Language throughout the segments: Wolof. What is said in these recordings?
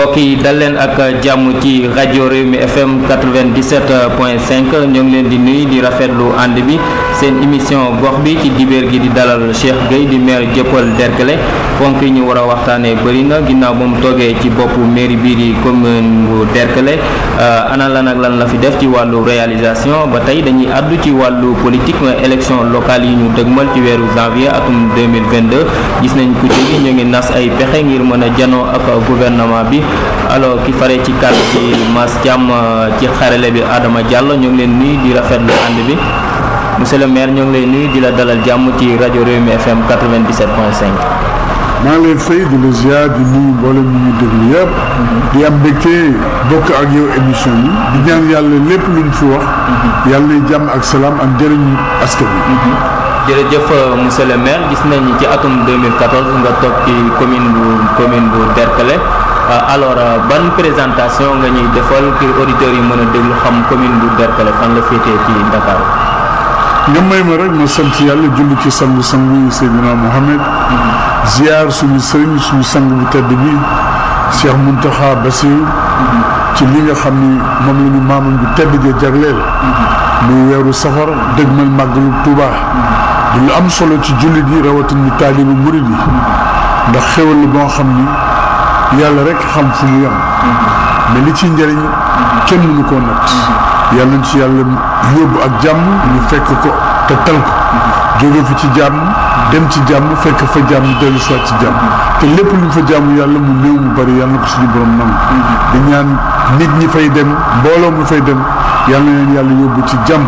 mbokk yi dal leen ak jàmm ci rajo Rewmi FM 97 point 5 ñoo ngi leen di nuyu di rafetlu ànd bi seen émission gox bi ci dibeer gi di dalal Cheikh Gueye di maire Dieuppeul Derklé ponk yi ñu war a waxtaanee bëri na ginnaaw ba mu toogee ci boppu mairie bii di commune bu Derklé euh, ana lan ak lan la fi def ci wàllu réalisation ba tey dañuy àddu ci wàllu politique élection locale yi ñu dëgmal ci weeru janvier atum 2022 gis nañ ku ci ñoo ngi nas ay pexe ngir mën a janoo ak gouvernement bi alors ki faree ci kàddu ci Mass Thiam euh, ci xarale bi aadama jàll ñoo ngi leen nuyu di rafetlu ànd bi monsieur le maire ñoo ngi leen nuyu di la dalal jàmm ci rajo Rewmi FM 97.5. maa ngi leen fay di la ziar di nuyu mboolem ñu ñu déglu yëpp mhm. di am mbégte bokk ak yow émission yi di ñaan yàlla lépp lu ñu fi wax mhm. yàlla jàmm ak salaam ak njëriñ askan bi mhm. jërëjëf euh, monsieur le maire gis nañ ci atum 2014 nga toog ci commune bu commune bu Derklé Euh, alors euh, ban présentation nga ñuy defal ngir auditeurs yi mën a déglu xam commune bu Derklé fan la féetee ci Dakar. nga moy ma rek ma sant yàlla julli ci sangu sangu yi Seydina Mohamed. Mm-hmm. ziar suñu sëriñ suñu sang bu tedd bi Cheikh Mountakha basi mm-hmm. ci li nga xam ni moom la ñu maamam bu tedd jagleel. Mm-hmm. muy weeru safar dëgmal màgg Touba. di lu am solo ci jullit yi rawatina taalibu murid yi. ndax xéwal la boo xam ni. yàlla rek xam fu mu yem mais li ci njëriñ kenn mënu koo natt yàlla ñu ci yàlla yóbbu ak jàmm ñu fekk ko te tal ko jóge fi ci jàmm dem ci jàmm fekk fa jàmm dellu soit ci jàmm te lépp lu fa jàmm yàlla mu néew mu bari yàlla na ko suñu borom nangu di ñaan nit ñi fay dem mbooloo mu fay dem yàlla na leen yàlla yóbbu ci jàmm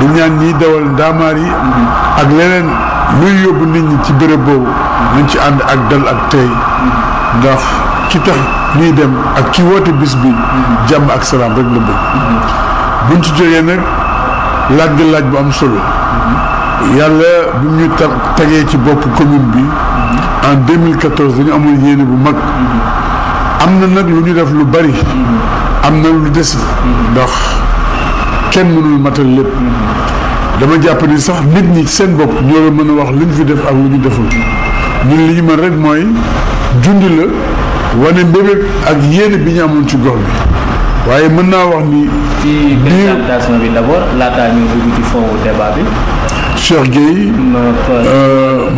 di ñaan ñiy dawal ndaamaar yi ak leneen luy yóbbu nit ñi ci béréb boobu nañ ci ànd ak dal ak tey ndax ci tax ñuy dem ak ci woote bis bi jàmm ak salaam rek la bëgg buñ ci jógee nag laaj nga laaj bu am solo yàlla bu ñu ta tegee ci bopp commune bi en 2014 dañu amoon yéene bu mag am na nag lu ñu def lu bari am na lu des ndax kenn mënul matal lépp dama jàpp ni sax nit ñi seen bopp ñoo la mën a wax li ñu fi def ak lu ñu deful ñu mën rek mooy jundi la wane mbébét ak yéene bi ñu ci gox bi waaye mën naa wax ni. ci présentation bi d'abord laataa ñu dugg ci fond debaat bi. Cheikh Gueye euh,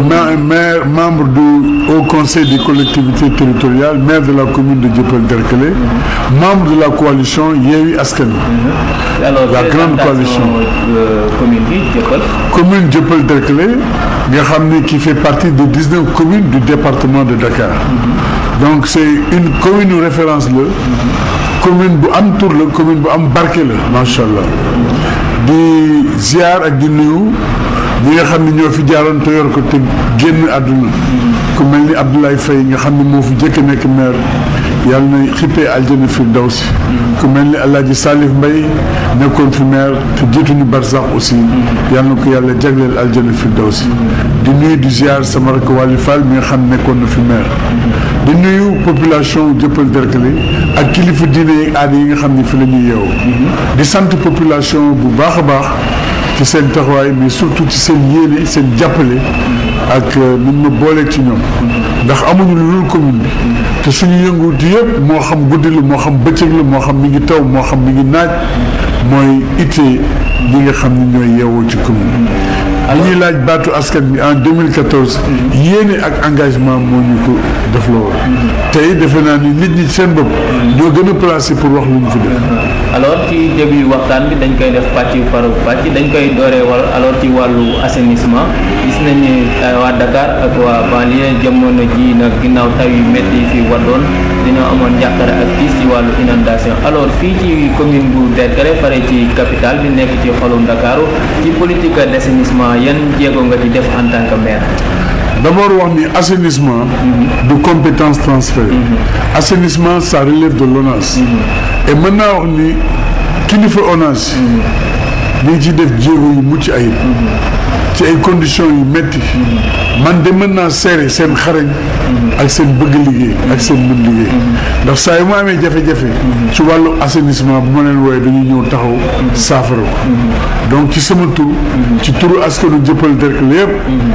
maire membre du Haut Conseil des collectivités territoriales maire de la commune de Dieuppeul-Derklé mm -hmm. membre de la coalition Yewwi Askan Wi mm -hmm. la grande coalition euh, commune bi Dieuppeul commune dieuppeul nga xam ne qui fait partie des dix-neuf communes du département de Dakar mm-hmm. donc c'est une commune référence la commune bu am tur la commune bu am barke la macha allah mm-hmm. di ziar ak di ñi nga xam ne ñoo fi jaaroon te ko te génn àdduna ku mel ni Abdoulaye Faye nga xam ne moo fi jëkk nekk maire yàlla na xippee aljana firdawsi ku mel ni Alaaji Salif Mbay nekkoon fi maire te jiituñu barsax aussi yàlla na ko yàlla jagleel aljana firdawsi di nuyu di ziar sama rakk Wali Fall mi nga xam ne nekkoon na fi maire di nuyu population jëppal derkale ak kilifa diine yeeg aada yi nga xam ni fi la ñuy di sant population bu baax a baax ci seen taxawaay mais surtout ci seen yéene seen jàppale ak euh, ni ma boolee ci ñoom ndax amuñu lu dul commune bi te suñu yëngutu yëpp moo xam guddi la moo xam bëccëg la moo xam mi ngi taw moo xam mi ngi naaj mooy ite ñi nga xam ni ñooy yeewoo ci commune bi ñuy laaj baatu askan bi en 2014 yéene ak engagement moo ñu ko def la woon tey defe naa ni nit ñi seen bopp ñoo gën a pour wax lu ñu fi def alors ci début waxtaan bi dañ koy def pàcc par pàcc dañ koy dooree wal alors ci wàllu assainissement gis nañ ne euh, waa Dakar ak waa banlieue jamono ji nag ginnaaw taw yu métti yi fi waddoon dañoo amoon njàqare ak tiis ci wàllu inondation alors fii ci commune bu Derklé pare ci capital bi nekk ci xolum Ndakaaru ci politique d'assainissement yan jéego nga ci def en tant que maire d'abord wax ni assainissement du compétence transférée assainissement ça relève de l'ONAS et mën naa wax ni kilifa ONAS yi dañ ci def jéego yu mucc ayib ci ay conditions yu métti man de mën naa seere seen xarañ ak seen bëgg liggéey ak seen mën liggéey ndax saa yu ma amee jafe-jafe ci wàllu assainissement bu ma leen wooyee dañuy ñu taxaw saafara donc ci sama tur ci turu askanu jëppal Derklé yëpp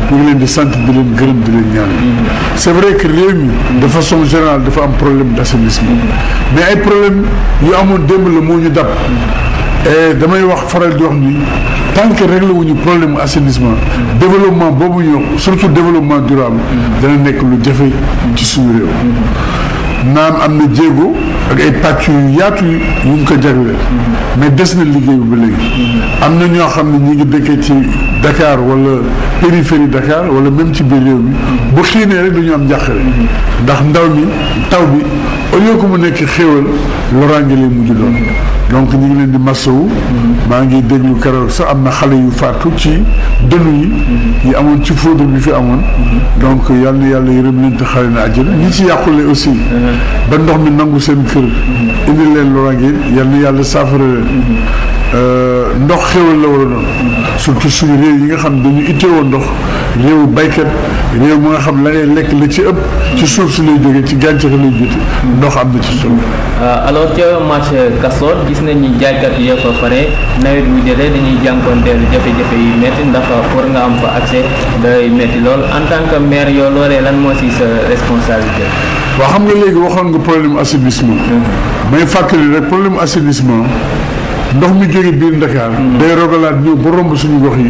ñu ngi leen di sant di leen gërëm di leen ñaan c'est que réew de façon générale dafa am problème d'assainissement mais ay problème yu amoon démb la moo ñu dab damay wax faral di wax ni tant que réglé wuñu problème mu assainissement développement boobu ñu surtout développement durable dana nekk lu jafe ci suñu réew naam am na jéego ak ay pàcc yu yaatu yu ñu ko jagleel mais des na liggéey bi ba léegi am na ñoo xam ne ñi ngi dëkkee ci Dakar wala périphérie dakaar wala même ci biir réew mi bu xiinee rek dañu am njàqare ndax ndaw mi taw bi au lieu que mu nekk xéewal loraange lay mujj donc ñu ngi leen di masawu maa ngi déglu keroog sax am na xale yu faatu ci dënnu yi yi amoon ci foudre bi fi amoon donc yal na yàlla yërëm leen te xale na àjjana ñi ci yàqule aussi ba ndox mi nangu seen kër indi leen loraange yal na yàlla saafara leen euh, ndox xéwal la war a doon surtout suñu réew yi nga xam dañu itteewoo ndox réewu baykat réew mu nga xam la ngay lekk la ci ëpp ci suuf si lay jógee ci gàncax lay jóge ndox am na ci solo euh, alors ca marché Castor gis nañ ni jaaykat yi fa pare nawet bu jotee dañuy jànkonteel jafe-jafe yu métti ndax pour nga am fa accès day métti lool en tant que maire yow loolee lan moo si sa responsabilité waaw xam nga léegi waxoon nga problème assainissement mm-hmm. may fàttali rek problème assainissement ndox mi jóge biir Ndakaar day rogalaat ñëw ba romb suñu gox yi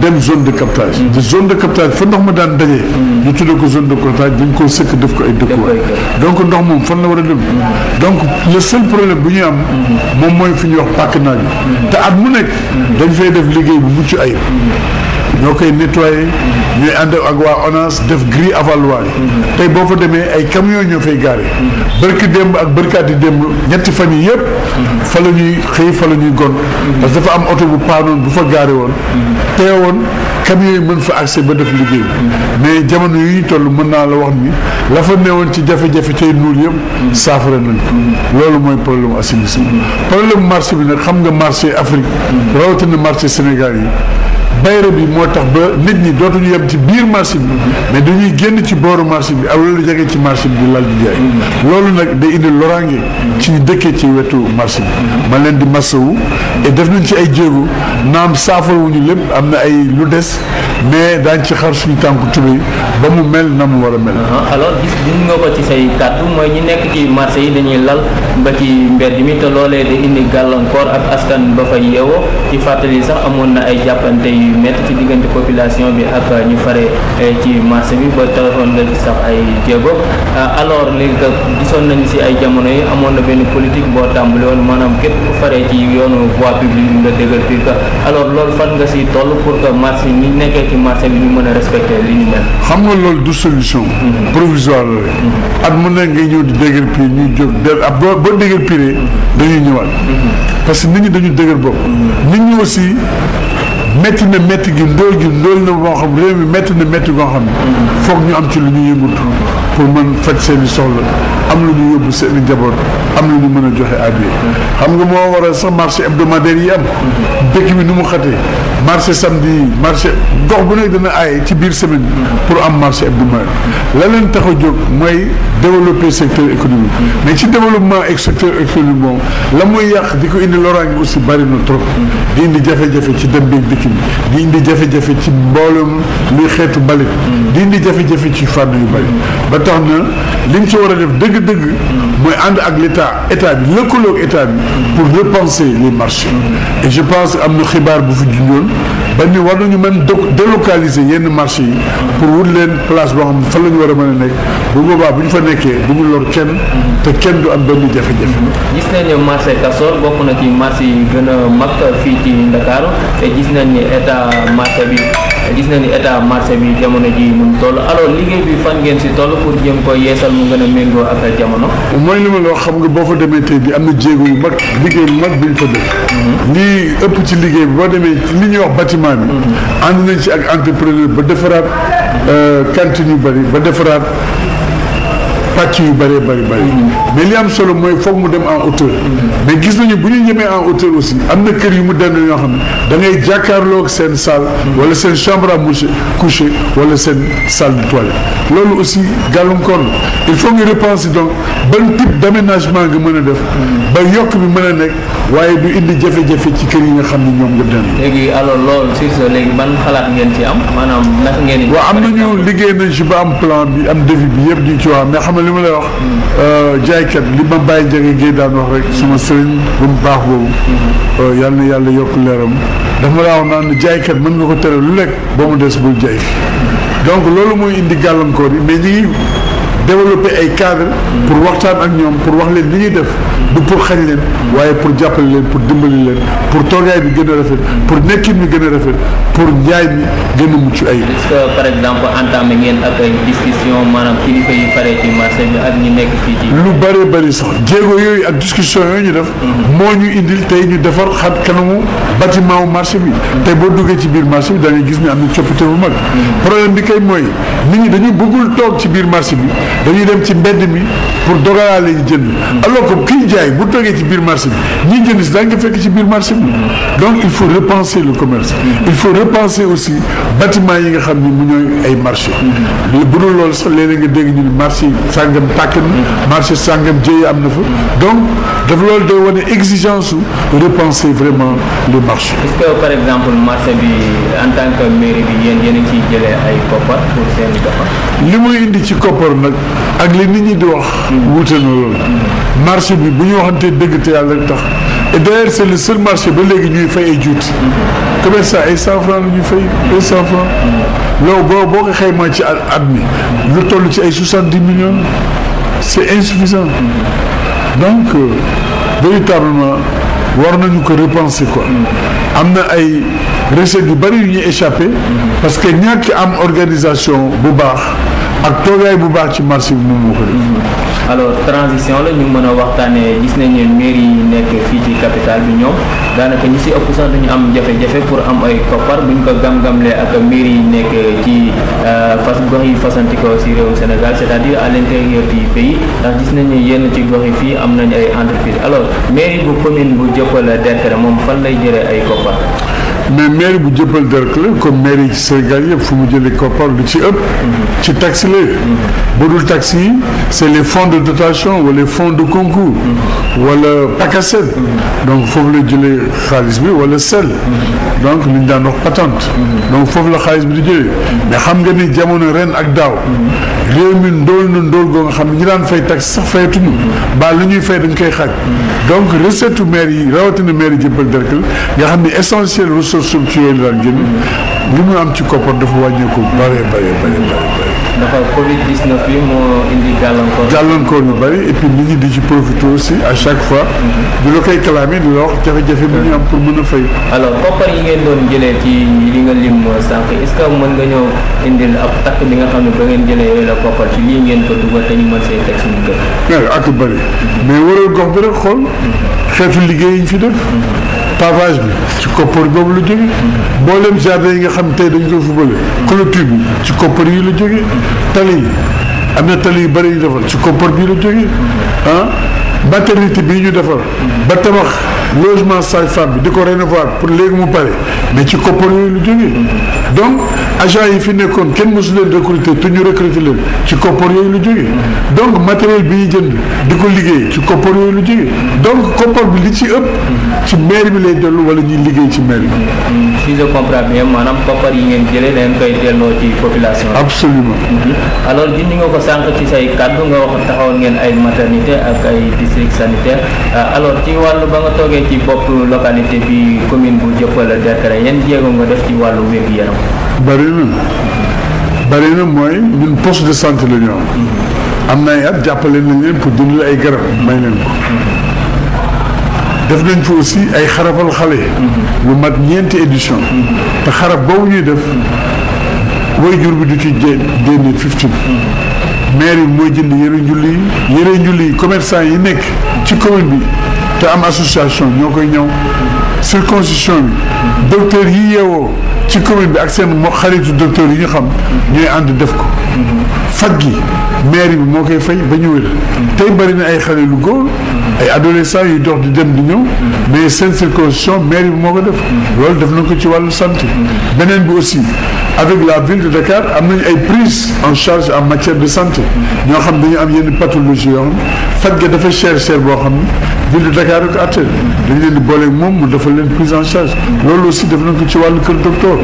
dem zone de captage te zone de captage fa ndox ma daan dajee ñu tudde ko zone de captage dañ koo sëkk def ko ay donc ndox moom fan la war a dem donc le seul problème bu ñuy am moom mooy fi ñuy wax pàkk naaju te at mu nekk dañ fay def liggéey bu mucc ayib ñoo koy nettoyé ñuy ànd ak waa ONAS def gris avaloir tey boo fa demee ay camion ñoo fay garé bërki démb ak bërkaat di démb ñetti fan yi yëpp fa la ñuy xëy fa la ñuy gon parce dafa am oto bu paanoon bu fa garé woon teewoon camion yi mën fa accès ba def liggéey mais jamono yi ñu toll mën naa la wax ni la ne woon ci jafe-jafe tey nuur yëpp saafara nañ loolu mooy problème assainissement problème marché bi nag xam nga marché Afrique rawatina marché Sénégal yi bayre bi moo tax ba nit ñi dootuñu yem ci biir marché bi mais dañuy génn ci booru marché bi ak loolu jege ci marché bi lal di jaay loolu nag day indi loraange ci dëkkee ci wetu marché bi ma leen di massawu te def nañ ci ay jéego naam saafarawuñu lépp am na ay lu des mais daañ ci xar suñu tànku tubéy ba mu mel na mu war a mel alors gis nga ko ci say kàddu mooy ñi nekk ci marché yi dañuy lal ba ci mbedd mi te loolee di indi gàllankoor ak askan ba fa yeewoo ci fàttali sax amoon na ay jàppante yu métti ci diggante population bi ak ñu fare eh, ci marché bi ba téléphone nga gis sax ay jéego ah, alors léegi gisoon nañu si ay jamono yi amoon na benn politique boo tàmbali woon maanaam képp ku fare ci yoonu voie publique bi nga dëggal fii que alors loolu fan nga si toll pour que marché ni nekkee ci marché bi ñu mën a respecté li ñu mel. xam nga loolu du solution. Mhm. provisoire boo dëgër piree dañuy ñëwaat parce que nit ñi dañu dëgër bopp nit ñi aussi métti na métti gi ndóol gi ndóol na boo xam réew mi métti na métti goo xam ne foog ñu am ci lu ñuy yëngatu pour mën faj seen i soxla am lu ñu yóbbu seen njaboot am lu ñu mën a joxe addiya xam nga moo waral sax marché hebdomadaire yi am dëkk bi nu mu xatee marché samedi marché gox bu nekk dina ay ci biir semaine pour am marché hebdomadaire la leen tax a jóg mooy développé secteur économique mais ci développement secteur économique moom la muy yàq di ko indi loraange aussi bari na trop di indi jafe-jafe ci dem beeg dikk bi di indi jafe-jafe ci mboolem luy xeetu mbalit di indi jafe-jafe ci fànn yu bari ba tax na li ci war a def dëgg mooy ànd ak l'état état bi lëkkaloog état bi pour repenser les marchés et je pense am na xibaar bu fi junjoon ba ni war nañu mën délocaliser yenn marché yi pour wut leen place boo xam ne fan la ñu war a mën a nekk bu boobaa bu ñu fa nekkee bu ñu lor kenn te kenn du am benn jafe-jafe gis nañ ne marché Castor bokk na ci marché yi gën a mag fii ci Ndakaaru te gis nañ ne état marché bi gis na ni état marché bi jamono ji mun toll alors liggéey bi fan ngeen si toll pour jëm ko yeesal mu gën a méngoo ak jamono. mooy li ma la xam nga boo fa demee tey bi am na jéego yu mag liggéey bu mag bi ñu fa def. Mhm. lii ëpp ci liggéey bi boo demee li ñuy wax bâtiment bi. Mhm. ànd nañ ci ak entrepreneur ba defaraat euh, cantine ñu bari ba defaraat. pàcc yu bëree bëri bëri mais li am solo mooy foog mu dem en hauteur mais gis nañu bu ñu ñemee en hauteur aussi am na kër yu mu dend ñoo xam ne da ngay jàkkaarloo ak seen salle wala seen chambre à moucher coucher wala seen salle de toilette loolu aussi gàllankoor la il faut nga repenser donc ban type d' aménagement nga mën a def ba yokk bi mën a nekk waaye du indi jafe-jafe ci kër yi nga xam ne ñoom yëpp dañu. léegi alors loolu si sa léegi ban xalaat ngeen ci am maanaam naka ngeen. waaw am na nañu liggéey nañ si ba am plan bi am devis bi yëpp di ci wax mais xam nga li ma lay wax. Hmm. Euh, jaaykat li ma bàyyi njëriñ ngay daan wax rek. sama sëriñ bu mu baax boobu. Hmm. Euh, yal na yàlla yokk leeram dafa ma laa wax naan jaaykat mën nga ko tere lu lekk ba mu des bul jaay donc loolu mooy indi gàllankoor yi mais ñi ngi ay cadre hmm. pour waxtaan ak ñoom pour wax leen li ñuy def. du pour xañ leen waaye pour jàppale leen pour dimbali leen pour toogaay bi gën a rafet pour nekkin mi gën a rafet pour njaay mi gën a mucc ay par exemple entamé ngeen ak ay discussion maanaam kilifa yi pare lu bëree bëri sax jéego yooyu ak discussion yooyu ñu def. Mhm. moo ñu indil tey ñu defar xat kanamu bâtiment wu marché bi. Mhm. tey boo duggee ci biir marché bi da gis ne am na coppite bu mag. Mhm. problème bi kay mooy nit ñi dañuy bëggul toog ci biir marché bi dañuy dem ci mbedd mi pour dogalaale jënd. jaay bu toogee ci biir marché bi ñi jënd si daañu ko fekk ci biir marché bi donc il faut repenser le commerce il faut repenser aussi bâtiment yi nga xam ni mu ñooy ay marché bu dul loolu sax léeg-léeg nga dégg ñu ne marché sàngam tàkk na marché sàngam jéey am na fa donc dafa loolu day wane exigence su repenser vraiment le marché. est-ce que par exemple marché bi en tant que mairie bi yéen yéen a ciy jëlee ay koppar pour seen li muy indi ci koppar nag ak li nit ñi di wax. wuute na loolu marché bi ñu waxantee dëgg te yàlla rek tax et d'ailleurs c'est le seul marché ba léegi ñuy fay ay juuti commerçant ay cent franc la ñuy fay ay cent franc boo boo ko xaymaa ci at mi lu toll ci ay soixante-dix millions c'est insuffisant donc euh, véritablement war nañu ko repenser ko am na ay recettes yu bari yu ñuy échappé parce que ci am organisation bu baax ak toogaay bu baax ci marché bi moom moo ko def alors transition la ñu mën a waxtaanee gis nañ ne yi nekk fii ci capitale bi ñoom daanaka ñi si ëpp sax dañu am jafe-jafe pour am ay koppar bu ñu ko gam-gamlee ak mairie yi nekk ci euh, fas gox yi fasantikoo si réewum Sénégal c'est-à-dire à l'intérieur du pays ndax gis nañ ne yenn ci gox yi fii am nañ ay entreprise alors mairie bu commune bu a Derklé moom fan lay jëlee ay koppar mais mairie bu jëppal dërk la comme mairie yi ci Sénégal yëpp fu mu jëlee koppar lu ci ëpp ci taxe la ba dul taxe yi c'est les fonds de dotation wala les fonds de concours wala pakasel donc foofu la jëlee xaalis bi wala sel donc li ñu daan wax patente donc foofu la xaalis bi di jëlee mais xam nga ni jamono ren ak daaw réew mi ndóol na ndóol xam ne ñi daan fay taxe sax fayatuñu ba lu ñuy fay dañ koy xaaj donc recette maire yi rawatina maire yi jëppal dërk la xam ne essentiel ressource ressource am ci yooyu daan génn li mu am ci koppar dafa wàññeeku bare bare bare bare dafa Covid 19 bi moo indi gàllankoor. gàllankoor yu bëri et puis nit di ci profité aussi à chaque fois. Mhm. di la koy kalaamee di la wax jafe-jafe bi ñu am pour mën a fay. alors koppar yi ngeen doon jëlee ci li nga lim sànq est ce que mën nga ñëw indil ab takk bi nga xam ne ba ngeen jëlee yooyu la koppar ci lii ngeen ko dugal te ñu mën see teg suñu kër. ak bëri mhm. mais waral gox bi pavage bi ci koppar boobu la jóge mboolem jardin yi nga xam tey dañ koy fubale clôture bi ci koppar yi la jóge tali yi am na tali yu bëri yu defar ci koppar bii la jóge ah maternité bii ñu defar ba tabax logement sage-femme bi di ko rénover pour léegi mu pare mais ci koppar yooyu lu jógee donc agent yi fi nekkoon kenn mosu leen recruter te ñu recruter leen ci koppar yooyu lu jógee donc matériel bi ñuy jënd di ko liggéey ci koppar yooyu lu jógee donc koppar bi li ci ëpp ci maire bi lay dellu wala ñuy liggéey ci maire bi. si je comprends bien maanaam koppar yi ngeen jëlee da ngeen koy delloo ci population absolument mhm. alors dindi nga ko sànq ci say kàddu nga wax taxawoon ngeen ay ay district sanitaire euh, alors ci wàllu nekkee ci bi commune bu Dieuppeul Derklé yan jéego nga def ci wàllu wér yaram. bari na bari mooy ñun poste de santé la am. Mm-hmm. am na jàppale nañ leen pour dund ay garab may leen ko. Mm-hmm. def nañ fa aussi ay xarafal xale. Mm-hmm. lu mat ñeenti édition. te xaraf boobu ñuy def. way jur bi du ci jé déedéet fifteen. maire yi mooy jënd yëre njulli yi. yëre njulli yi commerçant yi nekk ci commune bi. te am association ñoo koy ñëw circoncision bi docteur yi yeewoo ci commune bi ak seen moo xaritu docteur yi ñu xam ñooy ànd def ko faj gi maire bi moo koy fay ba ñu tey bëri na ay xale lu góor ay adolescents yuy dox di dem di ñëw mais seen circoncision maire bi moo ko def loolu def nañ ko ci wàllu santé beneen bi aussi avec la ville de Dakar am nañu ay prise en charge en matière de santé ñoo xam dañu am yenn pathologie yoo xam faj ga dafa cher cher boo xam ne ville de Dakar ak atte dañ leen di booleeg moom mu defal leen prise en charge loolu si def nañ ko ci wàllu kër docteur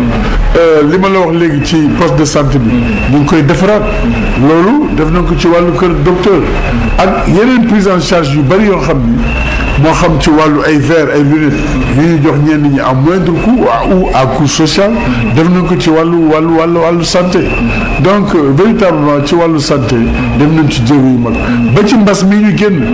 euh, li ma la wax léegi ci poste de santé bi ñu ngi koy defaraat loolu def nañ ko ci wàllu kër docteur ak yeneen prise en charge yu bari yoo xam ni moo xam ci wàllu ay verre ay lunettes yu ñu jox ñenn ñi à moindre coût ou à coût social def nañ ko ci wàllu wàllu wàllu wàllu santé donc véritablement ci wàllu santé def nañ ci jéego yu mag ba ci mbas mi ñu génn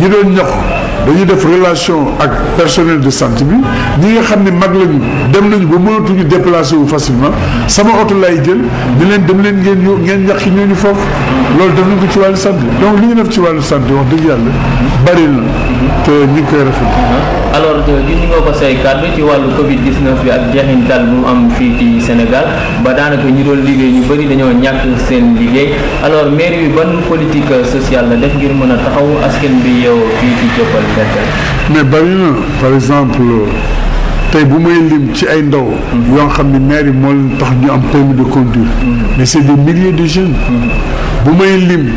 ñu doon dañuy def relation ak personnel de santé bi ñi nga xam ne mag lañu dem nañu ba mënatuñu déplacer wu facilement sama oto lay jël di leen dem leen ngeen ñëw ngeen ñu ñooñu foofu loolu def nañ ko ci wàllu santé donc li ñu def ci wàllu santé wax dëgg yàlla bari na alors gis euh, nga ko say kàddu ci wàllu Covid 19 bi ak jeexintal bu mu am fii ci Sénégal ba daanaka ñu doon liggéey ñu bëri dañoo ñàkk seen liggéey alors mairie bi ban politique social la def ngir mën a taxaw askan bi yeewoo fii ci Joppal. mais bari par exemple tey bu may lim ci ay ndaw. yoo xam ne maire yi moo leen tax ñu am permis de conduire. mais c' est des milliers de jeunes. bu may lim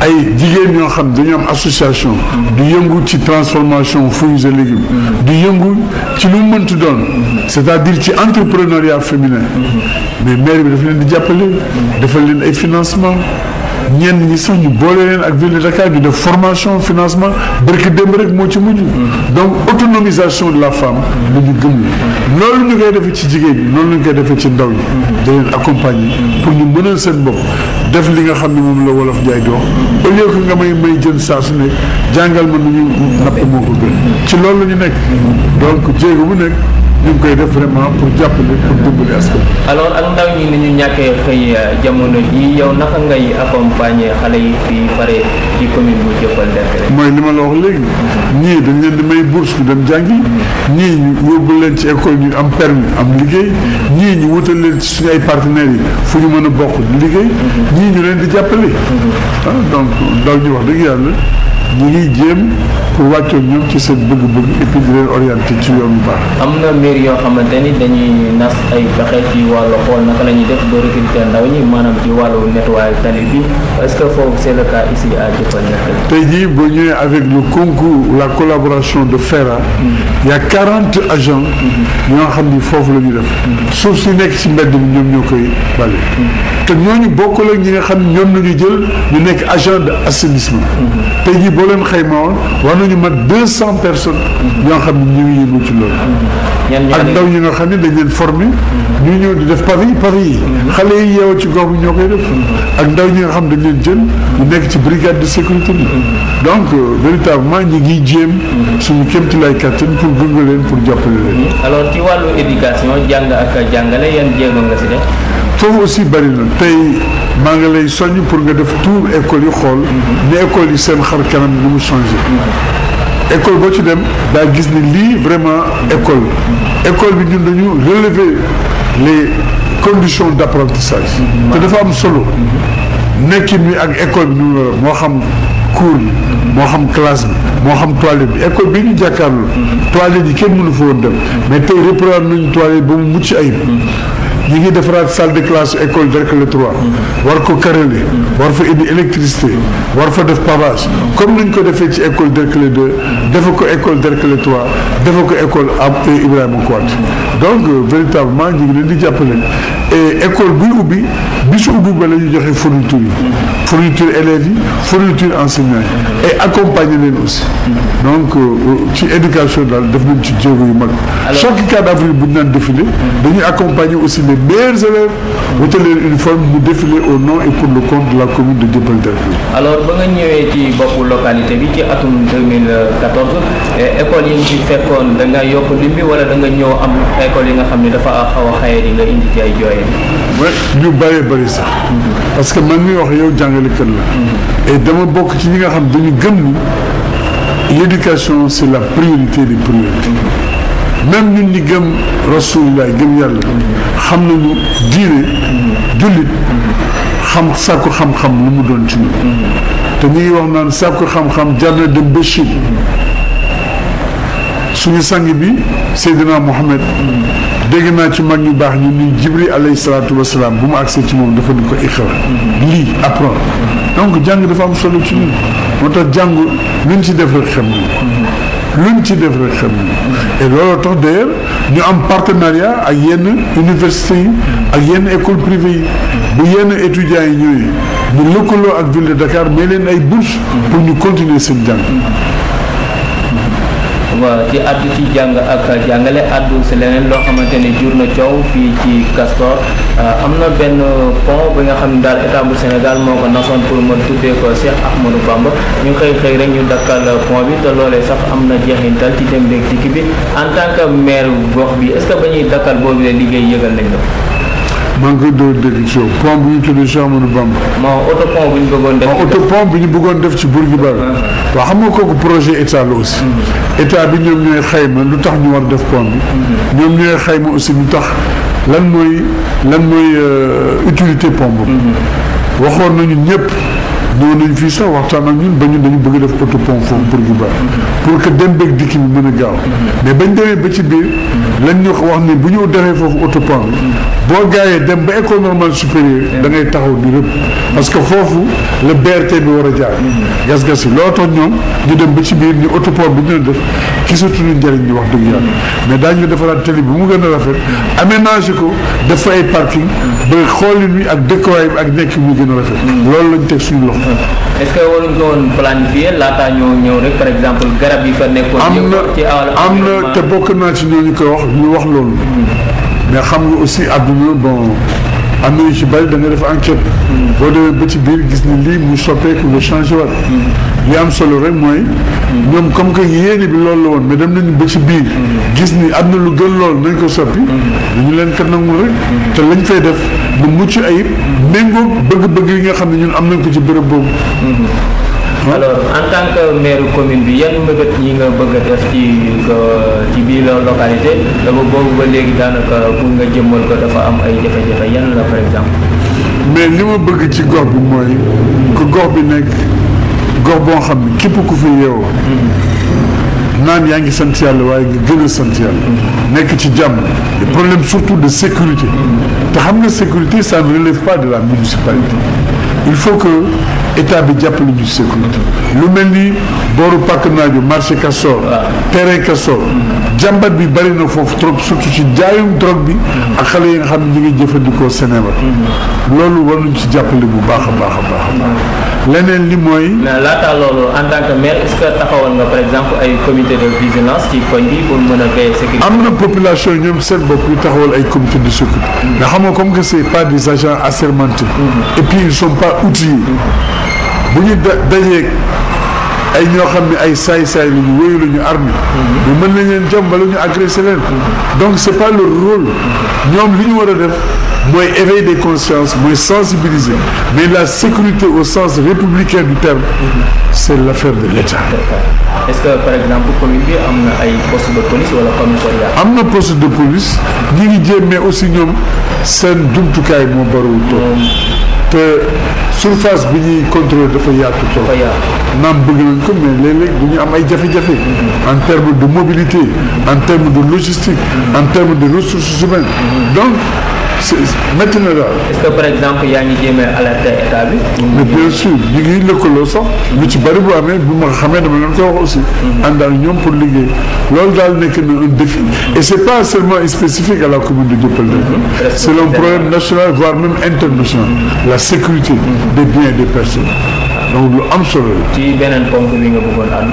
ay jigéen ñoo xam dañu am association. du yëngu ci transformation fruits et légumes. du yëngu ci lu mu mënti doon. c' est à dire ci entrepreneuriat féminin. mais maire bi dafa leen di jàppale. dafa leen ay financement ñenn ñi sax ñu boole leen ak ville de Dakar def formation financement barki démb rek moo ci mujj. donc autonomisation de la femme. lu ñu gëm la loolu ñu koy defee ci jigéen ñi loolu ñu koy defee ci ndaw ñi. da leen accompagner pour ñu mënal seen bopp def li nga xam ne moom la wolof Njaay di wax au nga may may jën saa su nekk jàngal ma nu ñu napp moo ko gën ci loolu la ñu nekk donc jéego bu nekk. ñu ngi koy def vraiment pour jàppale pour dimbali askan alors ak ndaw ñi ni ñu ñàkkee xëy euh, jamono yi yow naka ngay accompagner xale yi fii pare ci commune bu Dieuppeul-Derklé mooy li ma la wax léegi mhm. ñii dañ leen di may bourse ñu dem jàngi mhm. ñii ñu yóbbu leen ci école ñu am permis am liggéey mhm. ñii ñu wutal leen ci suñu ay partenaires yi fu ñu mën a bokk liggéey ñii ñu leen di jàppale ah, donc ndaw ñi wax dëgg yàlla ñu ngi jéem pour wàccoon ñoom ci seen bëgg-bëgg et puis di leen orienté ci yoon bu baax. am na mbir yoo xamante ni dañuy nas ay pexe ci wàllu xool naka la ñuy def ba recruter ndaw ñi maanaam ci wàllu nettoyage tali bi est que foofu c'est le cas ici à Dieuppeul-Derklé. tey jii boo ñëwee avec le concours la collaboration de FERA. Mm-hmm. il y a quarante agents. ñoo mm-hmm. xam ni foofu la ñu def. Mm-hmm. suuf si nekk ci mbedd mi ñoom ñoo koy bale. te ñooñu bokkul ak ñi nga xam ñoom la ñu jël ñu nekk agent de assainissement. tey boo leen xayma woon war nañu mat deux cent personnes. ñoo xam ne ñu ngi yëngu ci loolu. ak ndaw ñi nga xam ne dañ leen former. ñu ñëw di def pari pari yi. Mm-hmm. xale yi yeewoo ci gox bi ñoo koy def. Mm-hmm. ak ndaw ñi nga xam dañ leen jël. ñu nekk ci brigade de sécurité bi. Mm-hmm. donc euh, véritablement ñi ngi jéem. suñu kéemtulaay kattan pour gunge leen pour jàppale leen. alors ci wàllu éducation jàng ak jàngale yan jéego nga si def. foofu aussi bari na tey maa ngi lay soññ pour nga def tout école yu xool ne école yi seen xar kanam nu mu changé école boo ci dem daa gis ni lii vraiment école école bi ñun dañu relever les conditions d'apprentissage te dafa am solo nekkin bi ak école bi nu la moo xam cours bi moo xam classe bi moo xam toilette bi école bi ñu jàkkaarloo toilette yi kenn mënu fa woon dem mais tey reprendre ñu toilette ba mu mucc ayib ñu ngi defaraat salle de classe école Derklé 3 war ko karale war fa indi électricité war fa def pavage comme ni ko defee ci école Derklé 2 defa ko école Derklé 3 defa ko école ab Ibrahima Kouat donc euh, véritablement ñu ngi di jàppale et école buy ubbi bisu ubbi ba la ñu joxe fourniture yi fourniture élèves yi fourniture enseignants yi et accompagner leen aussi donc euh, ci éducation daal def nañ ci jéego yu mag. chaque 4 avril bu ñu naan défilé. dañuy accompagner aussi les meilleurs élèves. wutal leen une forme mu défilé au nom et pour le compte de la commune de Dieuppeul-Derklé. alors ba nga ñëwee ci boppu localité bi ci atum 2014 eh, école yi ñu ci fekkoon da nga yokk lim bi wala da nga ñëw am école yi nga xam ne dafa xaw a di nga indi ci ay jooyee. ñu bëree bëri sax. Mm-hmm. parce que man mi wax yow jàngalekat la. e dama bokk ci ñi nga xam dañu gëm ni. l'éducation c'est la priorité des priorités même ñun ni gëm rasulullah gëm yàlla xam nañu diine jullit xam sàkku xam-xam lu mu doon ci ñun te ñu ngi wax naan sàkku xam-xam jar na dem ba Chine suñu sang bi Seydina Mohamed dégg naa ci mag ñu baax ñu ni Jibril alayhi salaatu wasalaam bu mu agsee ci moom dafa ni ko iqra lii apprendre donc jàng dafa am solo ci ñun moo tax jàng luñ ci def rek xam ni luñ ci def rek xam ni et looloo tax d'ailleurs ñu am partenariat ak yenn université yi ak yenn école privée yi bu yenn étudiants yi ñëwee ñu lëkkaloo ak ville de Dakar may leen ay bourse pour ñu continuer seen jàng ci addu ci jàng ak jàngale addu si leneen loo xamante ni jur na coow fii ci Castor euh, am na benn pont bi nga xam ne daal état bu Sénégal moo ko nasoon pour mën tuddee ko Cheikh Ahmadou Bamba ñu xëy xëy rek ñu dakkal pont bi te loolee sax am na jeexintal ci dem beeg dikk bi en tant que maire gox bi est-ce que ba ñuy dakkal boobu la liggéey yëgal nañ la maa ngi koy dóor dégg ci yow pont bu ñu tuddee Cheikh Amadou Bamba. non oto pont bu ñu bëggoon def. non oto pont bi ñu bëggoon def ci Bourguiba ah. bi. waaw xam nga kooku projet état la aussi. Mm-hmm. état bi ñoom ñooy xayma lu tax ñu war def pont bi. Mm-hmm. ñoom ñooy xayma aussi lu tax lan mooy lan mooy euh, utilité pont boobu. Mm-hmm. waxoon nañu ñëpp. ñëw nañ fii sax waxtaan ak ñun ba ñun dañu bëgg def auto pont foofu pour Touba pour que dem beeg dikki bi mën a gaaw mais bañ demee ba ci biir lañ ñu wax ni bu ñu defee foofu auto pont bi boo gaayee dem ba école normale supérieure da ngay taxaw di rëbb parce que foofu la BRT bi war a jaar gas-gas yi loo tax ñoom ñu dem ba ci biir ñu auto pont bi ñu def gisatuñu njëriñ bi wax dëgg yàlla mais daañu defaraat tali bi mu gën a rafet aménagé ko def ay parking ba xoolin wi ak dëkkuwaay bi ak nekk bi gën a rafet loolu lañ teg suñu loxo que waruñ ko woon planifier laata ñoo ñëw rek par exemple garab yi fa nekkoon am na am na te bokk naa ci ñooñu koy wax ñu wax loolu mais xam nga aussi àdduna bon am na yu ci bëri da nga def enquête. boo demee ba ci biir gis ni lii mu soppeeku nga changé waat. li am solo rek mooy. ñoom comme que yéene bi loolu la woon mais dem nañu ba ci biir. gis ni am na lu gën lool nañ ko soppi. dañu leen ko nangu rek. te lañ fay def mu mucc ayib. méngóog bëgg-bëgg yi nga xam ne ñun am nañ ko ci bërëb boobu. alors en tant que maire commune bi yan mbëgët yi nga bëgg a def ci ci biir localité dafa boobu ba léegi daanaka pour nga jëmmal ko dafa am ay jafe-jafe yan la par exemple. mais li ma bëgg ci gox bi mooy. que gox bi nekk gox boo xam ne képp ku fi yeewoo. Mm-hmm. naan yaa ngi sant yàlla waaye nga gën a mm-hmm. nekk ci jàmm. le problème surtout de sécurité. Mm-hmm. te xam nga sécurité ça ne relève pas de la municipalité. il faut que. état bi jàppale bi sécurité lu mel ni booru pàkk naajo marché Castor terrain Castor jàmbat bi bari na foofu trop surtout ci jaayum trop bi ak xale yi nga xam ne ñu ngi jëfandikoo Sénégal mm-hmm. loolu war nañ ci jàppale bu baax a baax a baax a baax leneen li mooy laataa loolu en tant que maire est par exemple ay comité de vigilance ci koñ am na population ñoom seen bopp yu taxawal ay comité de sécurité mm-hmm. nga xam nga comme que c'est pas des agents assermentés mm-hmm. et puis ils sont pas outillés bu ñu da dajeeg ay ñoo xam ne ay saay-saay lu ñu wéyu la ñu armé mën nañ leen jam wala ñu leen donc c'est pas leur rôle ñoom li ñu war a def mooy éveil des consciences mooy sensibiliser mais la sécurité au sens républicain du terme c'est l'affaire de l'État est-ce que par exemple commune bi am na ay poste de police wala na poste de police ñi ngi jéem mais aussi ñoom seen jumtukaay moo bariwul toog te surface bi ñuy contrôler dafa yaatu trop naam bëgg nañ ko mais léeg du ñu am ay jafe-jafe mm-hmm. en termes de mobilité en termes de logistique en termes de ressources humaines mm-hmm. donc métti na daal. ce que par exemple yaa ngi jéem a alerter état bi. mais bien sûr ñu ngi lëkkaloo sax. lu ci bari bu amee bu ma xamee dama leen koy wax aussi. Mhm. ànd ak ñoom pour liggéey lool daal nekk na un défi. Mhm. et c'est pas seulement spécifique à la commune de Dieuppeul-Derklé. Mhm. c'est un problème national voire même international. la sécurité des biens et des personnes. donc lu am solo la. ci beneen ponk bi nga bëggoon ànd.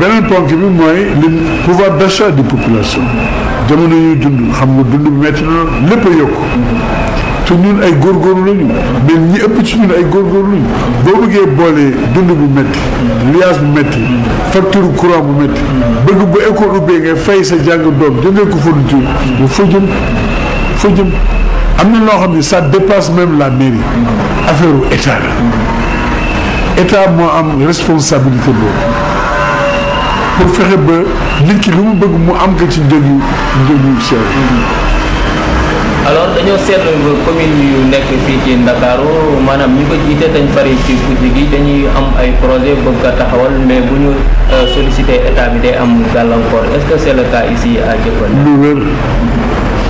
beneen ponk bi mooy le pouvoir d'achat des populations. jamono ñuy dund xam nga dund bi metti na lépp yokku te ñun ay góorgóorlu lañu mais ñi ëpp ci ñun ay góorgóorlu lañu boo bëggee boolee dund bu métti liaas bu métti facture courant bu métti bëgg bu école ubbee ngay fay sa jàng doom jëndee ko fourniture bu fa jëm fa am na loo xam ne ça dépasse même la mairie affaire u état la état moo am responsabilité boobu pour fexe ba nit ki lu mu bëgg mu am nga ci njëg yu njëg yu seer. alors dañoo seetlu commune yu nekk fii ci Ndakaaru maanaam ñi ko jiite dañ fari ci guddi yi dañuy am ay projet bëgg a taxawal mais bu ñu euh, sollicité état bi day am gàllankoor est-ce que c'est le cas ici à Dieuppeul. lu wér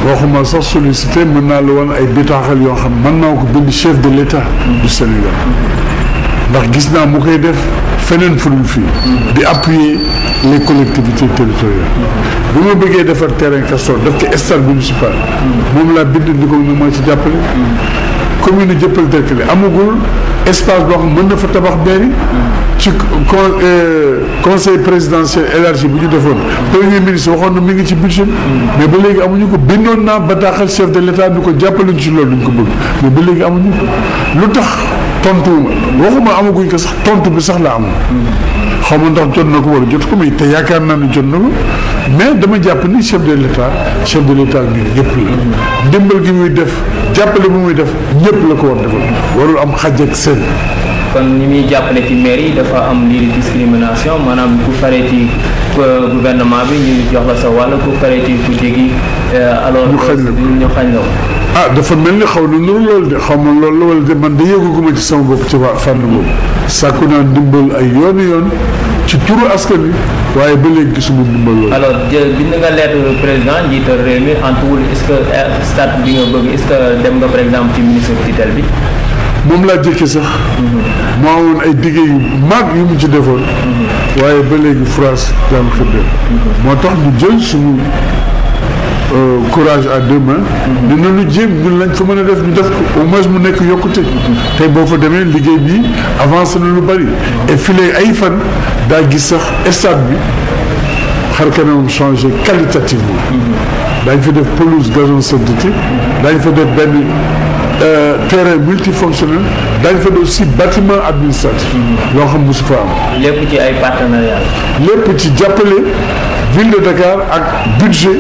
waxuma sax sollicité mën naa la woon ay bataaxal yoo xam mën naa ko bind chef de l'État du Sénégal ndax gis naa mu koy def. feneen fu dul fii di appuyer les collectivités territoriales bu ma bëggee defar terrain Castor def ci stade municipal moom laa bind ni ko ñu mooy si jàppale commune Dieuppeul Derklé amagul espace boo xam mën na fa tabax mairie ci euh, conseil présidentiel élargi bu ñu defoon premier ministre waxoon na mi ngi ci budget mais ba léegi amuñu ko bindoon naa bataaxal chef de l' état ni ko jàppale ci loolu duñ ko bëgg mais ba léegi amuñu ko lu tax tontu waxuma amaguñ ko sax tontu bi sax la am xaw ma ndax jot na ko war a jot ko mais te yaakaar naa ne jot na ko mais dama jàpp ni chef de l'état chef de l'état ñun ñëpp la ndimbal gi muy def jàppale bi muy def ñëpp la ko war defal warul am xaj ak seen kon ñi muy jàppale ci maire yi dafa am lii discrimination maanaam ku faree ci euh, gouvernement bi ñu jox la sa wàll ku faree ci ku jégi euh, alors ñu xañ la ah dafa mel ni xaw na nuru loolu de xaw ma loolu la wala man de yëguguma ci sama bopp ci waa fànn boobu sàkku naa ndimbal ay yooni yoon ci turu askan wi waaye ba léegi gisuma ndimbal loolu. alors jë bind nga lettre président njiital réew mi en tout est-ce que eh, stade bi nga bëgg est bi. moom laa jëkkee sax. moo mhm. amoon ay digge yu mag yu mu ci defoon. Mhm. waaye ba léegi France daan xëddee. Mhm. moo tax ñu jël suñu. Euh, courage à deux mains. Mhm. dina lu jéem ñun lañ fa mën a def ñu def ko au mu nekk yokkute. tey boo fa demee liggéey bi avancé na lu bari. et file ay fan daa gis sax stade bi xar kanamam changé qualitativement. Mhm. daañ fa def pelouse gazon synthétique. Mhm. daañ fa def benn. Euh, terrain multifonctionnel dañ fa def aussi bâtiment administratif. loo xam mosu fa am. lépp ci ay partenariat. lépp ci jàppale ville de Dakar ak budget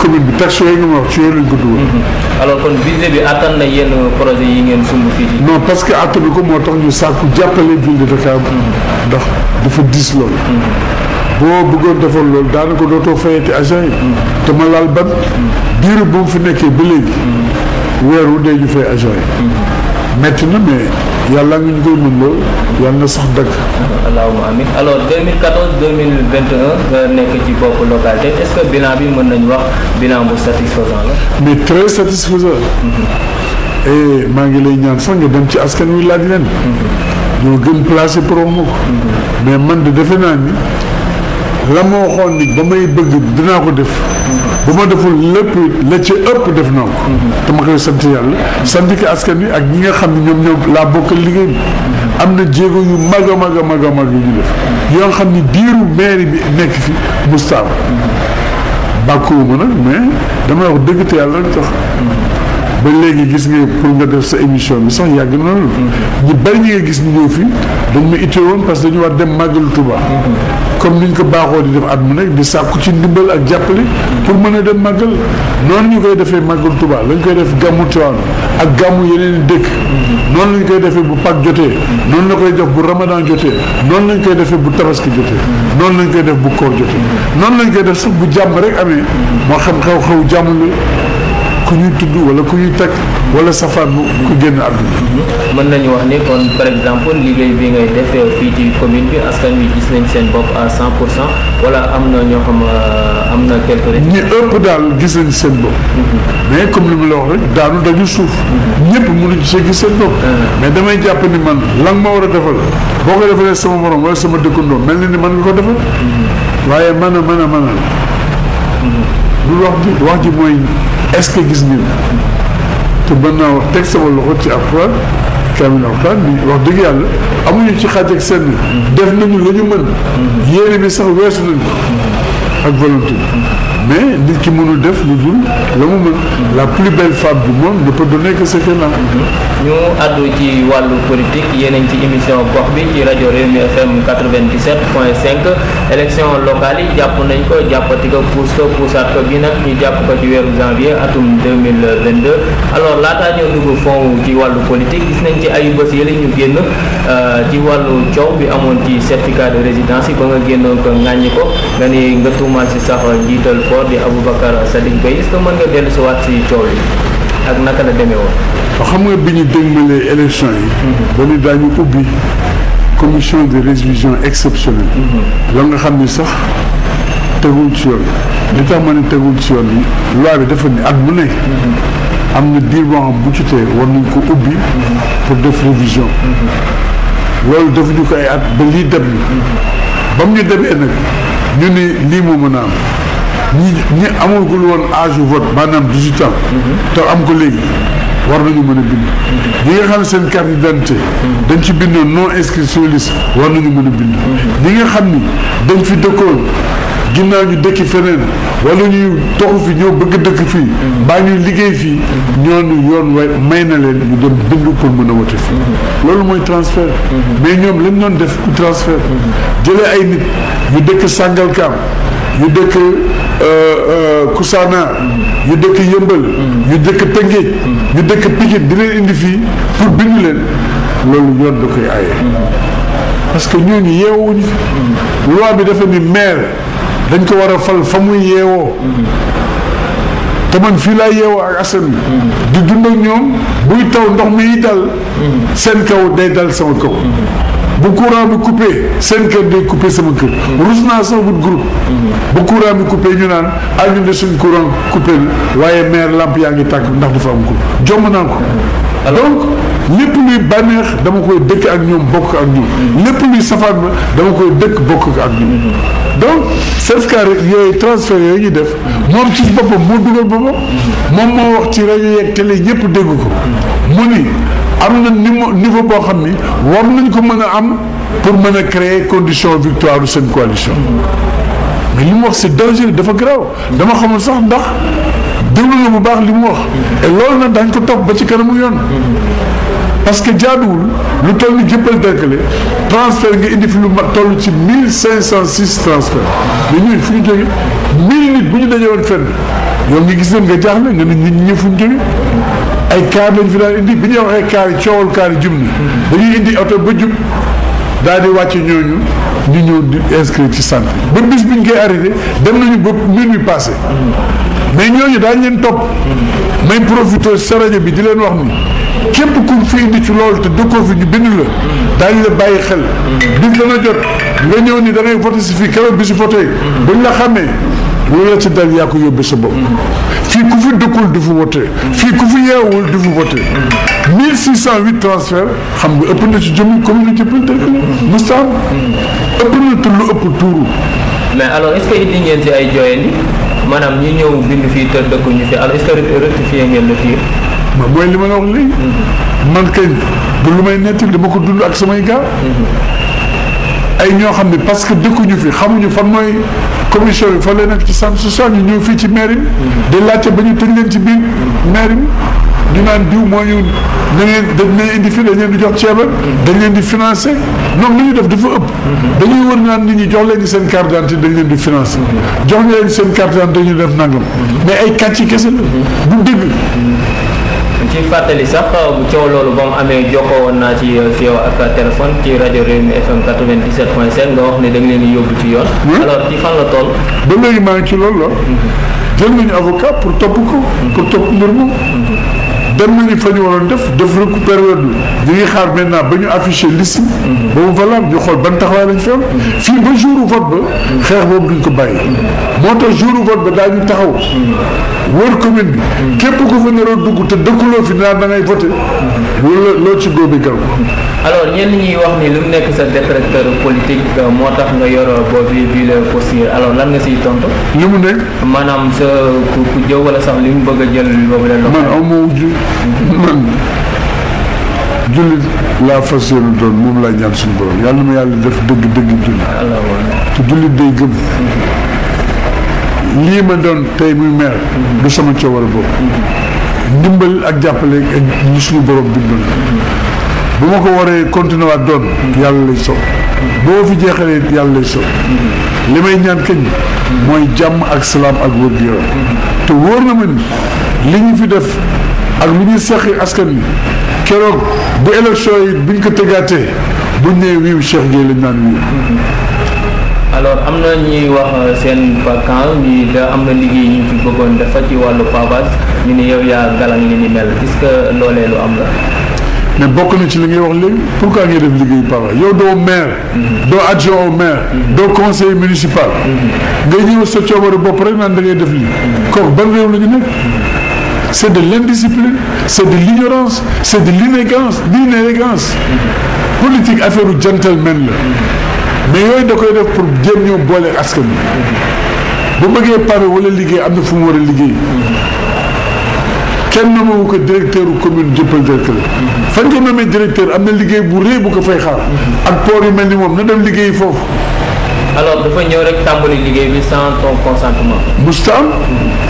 commune bi taxe yooyu nga ma wax ci yooyu lañ ko mhm. alors kon bi attan na yenn projet yi ngeen sumb fii. non parce que attanu ko moo tax ñu sàkku jàppale ville de Dakar. Mhm. ndax dafa diis loolu. Mhm. boo bëggoon defoon loolu daanaka dootoo fayati agent yi. te ma laal ban. diiru bu mu fi nekkee ba léegi. weer wu dee ñu fay agent yi. na mais. yàlla ngi góorgóorlu lool yàlla na sax dëgg. allahumma amin alors 2014 2021 nga nekk ci bopp localité est ce que bilan bi mën nañu wax bilan bu satisfaisant la. mais très satisfaisant. Mm-hmm. et maa ngi lay ñaan sax nga dem ci askan wi laaj leen. Mm-hmm. ñoo gën placé pour mm-hmm. mais man de defe naa ni la ma waxoon ba may bëgg dinaa ko def. bu ma deful lépp la ëpp def naa ko te ma koy sant yàlla sant ki askan wi ak ñi nga xam ne ñoom ñoom laa bokk liggéey bi am na jéego yu mag a mag a mag yu ñu def yoo xam ni diiru mairie bi nekk fi Moustapha bàkkuwuma nag mais damay wax dëgg te yàlla rek tax ba léegi gis nga pour nga def sa émission bi sax yàgg na loolu mm-hmm. ñu bari ñi nga gis ñu ñëw fii dañ ma ittee woon parce que dañu war dem màggalu Tuba mm-hmm. comme ni niñ ko baaxoo di def at mu nekk di sàkku ci ndimbal ak jàppale pour mën a dem màggal noonu ñu koy defee màggalu Tuba lañ koy def gàmmu Tiwaawan ak gàmmu yeneen dëkk mm-hmm. noonu lañ koy defee bu Pâques jotee noonu la koy def bu Ramadan jotee noonu lañ koy defee bu Tabaski jotee noonu lañ koy def bu koor jotee noonu lañ koy def sax bu jàmm rek moo xam xew xew jàmm la ku ñuy tudd wala ku ñuy teg wala safaan bu ku génn àdduna. mën nañu wax ni kon par exemple liggéey bi ngay def fii ci commune bi askan wi gis nañ seen bopp à 100 pour cent wala am na ñoo xam euh, am na quelque. ñi ëpp daal gis nañ seen bopp. Mm-hmm. mais comme li mu la wax rek daanu dañu suuf. Mm-hmm. ñëpp mënuñu see gis seen bopp. Ah. mais damay jàpp ni man lan ma war a defal boo ko defalee sama morom wala sama dëkkandoo mel na ni man nga ko defal. Mm-hmm. waaye man a mën a mën wax wax ji mooy. est-ce que gis ngeen te mën naa wax teg sama loxo ci alxuraan kaamil alxuraan bi wax dëgg yàlla amuñu ci xaaj ak seen def nañu la ñu mën mm-hmm. yéene bi sax weesu nañ ak volonté mais nit ki mënul def lu dul la mu mën la plus belle femme du monde ne peut donner que ce qu'elle a. ñu àddu ci wàllu politique yéen a ci émission gox bi ci rajo Rewmi FM 97 point 5 élection locale yi jàpp nañ ko jàppati ko puus ko bi nag ñu jàpp ko ci weeru janvier atum 2022 alors laataa ñoo dugg fond ci wàllu politique gis nañ ci ayu bés yële ñu génn euh, ci wàllu coow bi amoon ci certificat de résidence yi ko nga génnoo ko ŋàññi ko nga ni nga tuumaal sax njiital d'abord di Aboubacar Sadikh Bèye est-ce que mën nga dellu si waat si coow ak naka la demee woon. xam nga bi ñu dégmalee élection yi. ba mhm. ni daañu ubbi commission de révision exceptionnelle. la mhm. nga xam ni sax tegul ci yoon ci yoon yi loi bi dafa ni at mu mhm. am na diir boo xam ci tee war ko ubbi. pour def révision. loolu defuñu ay at ba lii dem. ba mu ñu demee nag ñu ni lii moo mën a am. ñi ñi amagul woon âge vote maanaam du huit ans te am ko léegi war nañu mën a bind ñi nga xam ne seen carte d'identité dañ ci bindoon non inscrit sur liste war nañu mën a bind ñi nga xam ni dañ fi dëkkoon gi ginnaaw ñu dëkki feneen wala ñuy toxu fi ñoo bëgg dëkk fii baa ñuy liggéey fii ñoonu yoon way may na leen ñu dem bindu pour mën a wote fii loolu mooy transfert mais ñoom lañ doon def ku transfert jëlee ay nit ñu dëkk Sangalkam ñu dëkk Euh, euh, Koussaana yu dëkk Yëmbal yu dëkk Tëngéej yu dëkk Pikine di leen indi fii pour bind leen loolu yoon da koy aaye parce que ñooñu yeewuñu fi loi bi dafa ni maire dañ ko war a fal fa muy yeewoo te man fii laa yeewoo ak askan bi di dund ak ñoom buy taw ndox mi yi dal seen kaw day dal sama kaw bu courant bi coupé seen kër day coupé sama kër. rus naa sama wut groupe. bu courant bi coupé ñu naan ah ñun de suñ courant coupé na waaye maire lamp yaa ngi tàkk ndax dafa am ko jomm naan ko. donc lépp luy bànneex dama koy dëkk ak ñoom bokk ak ñoom. lépp luy safaan ma dama koy dëkk bokk ak ñoom. donc CESCAR yooyu transfert yooyu ñuy def. moom ci boppam moo dugal boppam. moom moo wax ci rajo yeeg télé ñëpp dégg ko. mu ni am na niveau niveau boo xam ni war nañ ko mën a am pour mën a créer condition victoire u seen coalition mais li mu wax c'est dangereux dafa garaaw dama xamul sax ndax déglu na bu baax li mu wax et loolu nag dañ ko topp ba ci kanamu yoon parce que jaaduwul lu toll ni jëppal dëkkale transfert nga indi fi lu mat toll ci mille cinq cent six transfert mais ñun fu ñu jógee mille nit bu ñu dajewoon fenn yow nga gis leen nga jaaxle nga ne nit ñi fu ñu jógee ay kaar lañ fi daan indi bi ñuy wax ay kaar yi coowal kaar yi jub na dañuy indi oto ba jub daal di wàcce ñooñu ñu ñëw di inscrire ci centre ba bis bi ñu koy arrêté dem nañu ba minuit passé mais ñooñu daañ leen topp may profité sa rajo bi di leen wax ni képp ku fi indi ci loolu te dëkkoo fi ñu bind la daañu la bàyyi xel bis dana jot nga ñëw nii da ngay voté si fii keroog bisu voté yi buñ la xamee lu la ci dal yaa ko yóbbee sa bopp. fii ku fi dëkkul du fi voté. fii ku fi yeewul du fi voté. 1608 xam nga ëpp na ci jëmmi commune ci Pointe-à-Pitre. Moustapha. ëpp na tuuru. mais alors est-ce que indi ngeen ci ay jooyal yi maanaam ñi ñëw bind fii te dëkkuñu fi alors est-ce que rectifié ngeen le tir. ma mooy li ma wax léegi. Mhm. man kay bu lu may netti dama ko dund ak samay gars. Mhm. ay ñoo xam ne parce que ñu fi xamuñu fan mooy. commission bi fa la nekk ci centre social ñu ñëw fii ci mairie bi di laajte ba ñu tëj leen ci biir mairie bi ñu naan diw mooy ñu da ngeen dañ leen indi fii dañ di jox ceebal dañ leen di financé ñoom li ñu def dafa ëpp dañuy wër naan nit ñi jox leen seen carte d'identité dañ leen di financé jox leen seen carte d'identité dañu def nangam mais ay kàcc kese la bu dëgg ci fàttali sax euh, bu coow loolu ba mu amee jokkoo woon naa ci fi euh, yow ak téléphone ci rajo Rewmi FM nga wax ne da leen yóbbu ci yoon. alors ci fan la toll. ba maa ci loolu la. Mhm. jël nañu avocat pour topp ko. pour topp mbir mi. Mhm. dem nañu fa ñu waroon def def récupéré bi ñu ngi xaar maintenant ba ñu affiché liste ba mu valable ñu xool ban taxawaay lañ fi am fii ba jouru vote ba xeex boobu duñ ko bàyyi moo tax jouru vote ba daañu taxaw wër commune bi képp ko fa naroon dugg te dëkkuloo fi naa da ngay voté wala loo ci góobi gàll alors ñenn ñi wax ni lu mu nekk sa directeur politique euh, moo tax nga yor euh, boobu bii la posture alors lan nga siy tontu li mu nekk maanaam sa ku jëw wala sax li mu bëgg a jël boobu la man amoo man jullit laa fas yéene doon moom laa ñaan suñu borom yàlla ma yàlla def dëgg dëgg jullit te jullit day gëm lii ma doon tey muy meer du sama coowara boobu ndimbal ak jàppale ak ñi suñu borom bindoon bu ma ko waree continuer waat doon yàlla lay sow boo fi jeexalee yàlla lay sow li may ñaan kañ mooy jàmm ak salaam ak wér-gu-yaram te wóor na ma ni li ñu fi def ak lu ñuy seqi askan wi keroog bu élection yi buñ ko tëggaatee bu nee wiiw Cheikh Gueye lañ naan wiiw alors am na ñuy wax euh, seen vacance ñi da am na liggéey ñu ci bëggoon dafa ci wàllu pavage ñu ni yow yaa galang li ni mel est-ce que loolee lu am la mais bokk na ci li ngay wax léegi pourquoi ngay def liggéeyu pavage yow doo maire mm-hmm. doo adjoint au maire mm-hmm. doo conseil municipal mm-hmm. nga ñëw sa coobaru bopp rek naan da def lii kooku ban réew la nekk c'est de l'indiscipline c'est de l'ignorance c'est de l'inélégance l'inélégance politique affaire u gentleman la mais yooyu da koy def pour jéem ñoo boole askan bi bu bëggee pare wala liggéey am na fu mu war a liggéey kenn nommewu ko directeur commune Dieuppeul Derklé fañ ko nommee directeur am na liggéey bu rëy bu ko fay xaar ak port yu mel ni moom na dem liggéey foofu alors dafa ñëw rek tàmbali liggéey bi sans ton consentement. musta am.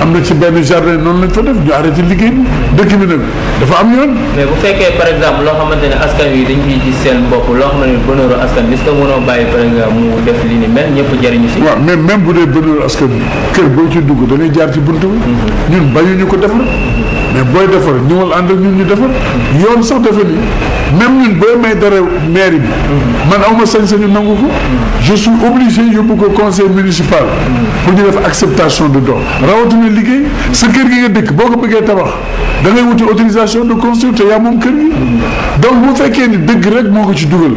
am na ci benn jardin noonu lañ fa def ñu arrêté liggéey bi dëkk bi nag dafa am yoon. mais bu fekkee par exemple loo xamante ne askan yi dañ ciy gis seen bopp loo xamante ne bënooru askan bi est-ce que mënoo bàyyi par exemple mu def li ni mel ñëpp jariñu si. waaw mais même bu dee bënooru askan bi kër boo ci dugg da ngay jaar ci buntu bi. Mhm. ñun bañuñu ko def mais booy defar ñëwal ànd ak ñun ñu defar yoon sax defe ni même ñun booy may dara mairie bi man awma sañ-sañu nangu ko je suis obligé yóbbu ko conseil municipal pour ñu def acceptation de don rawatina liggéey sa kër gi nga dëkk boo ko bëggee tabax da ngay wuti autorisation de construire te yaa moom kër gi donc bu fekkee ni dëgg rek moo ko ci dugal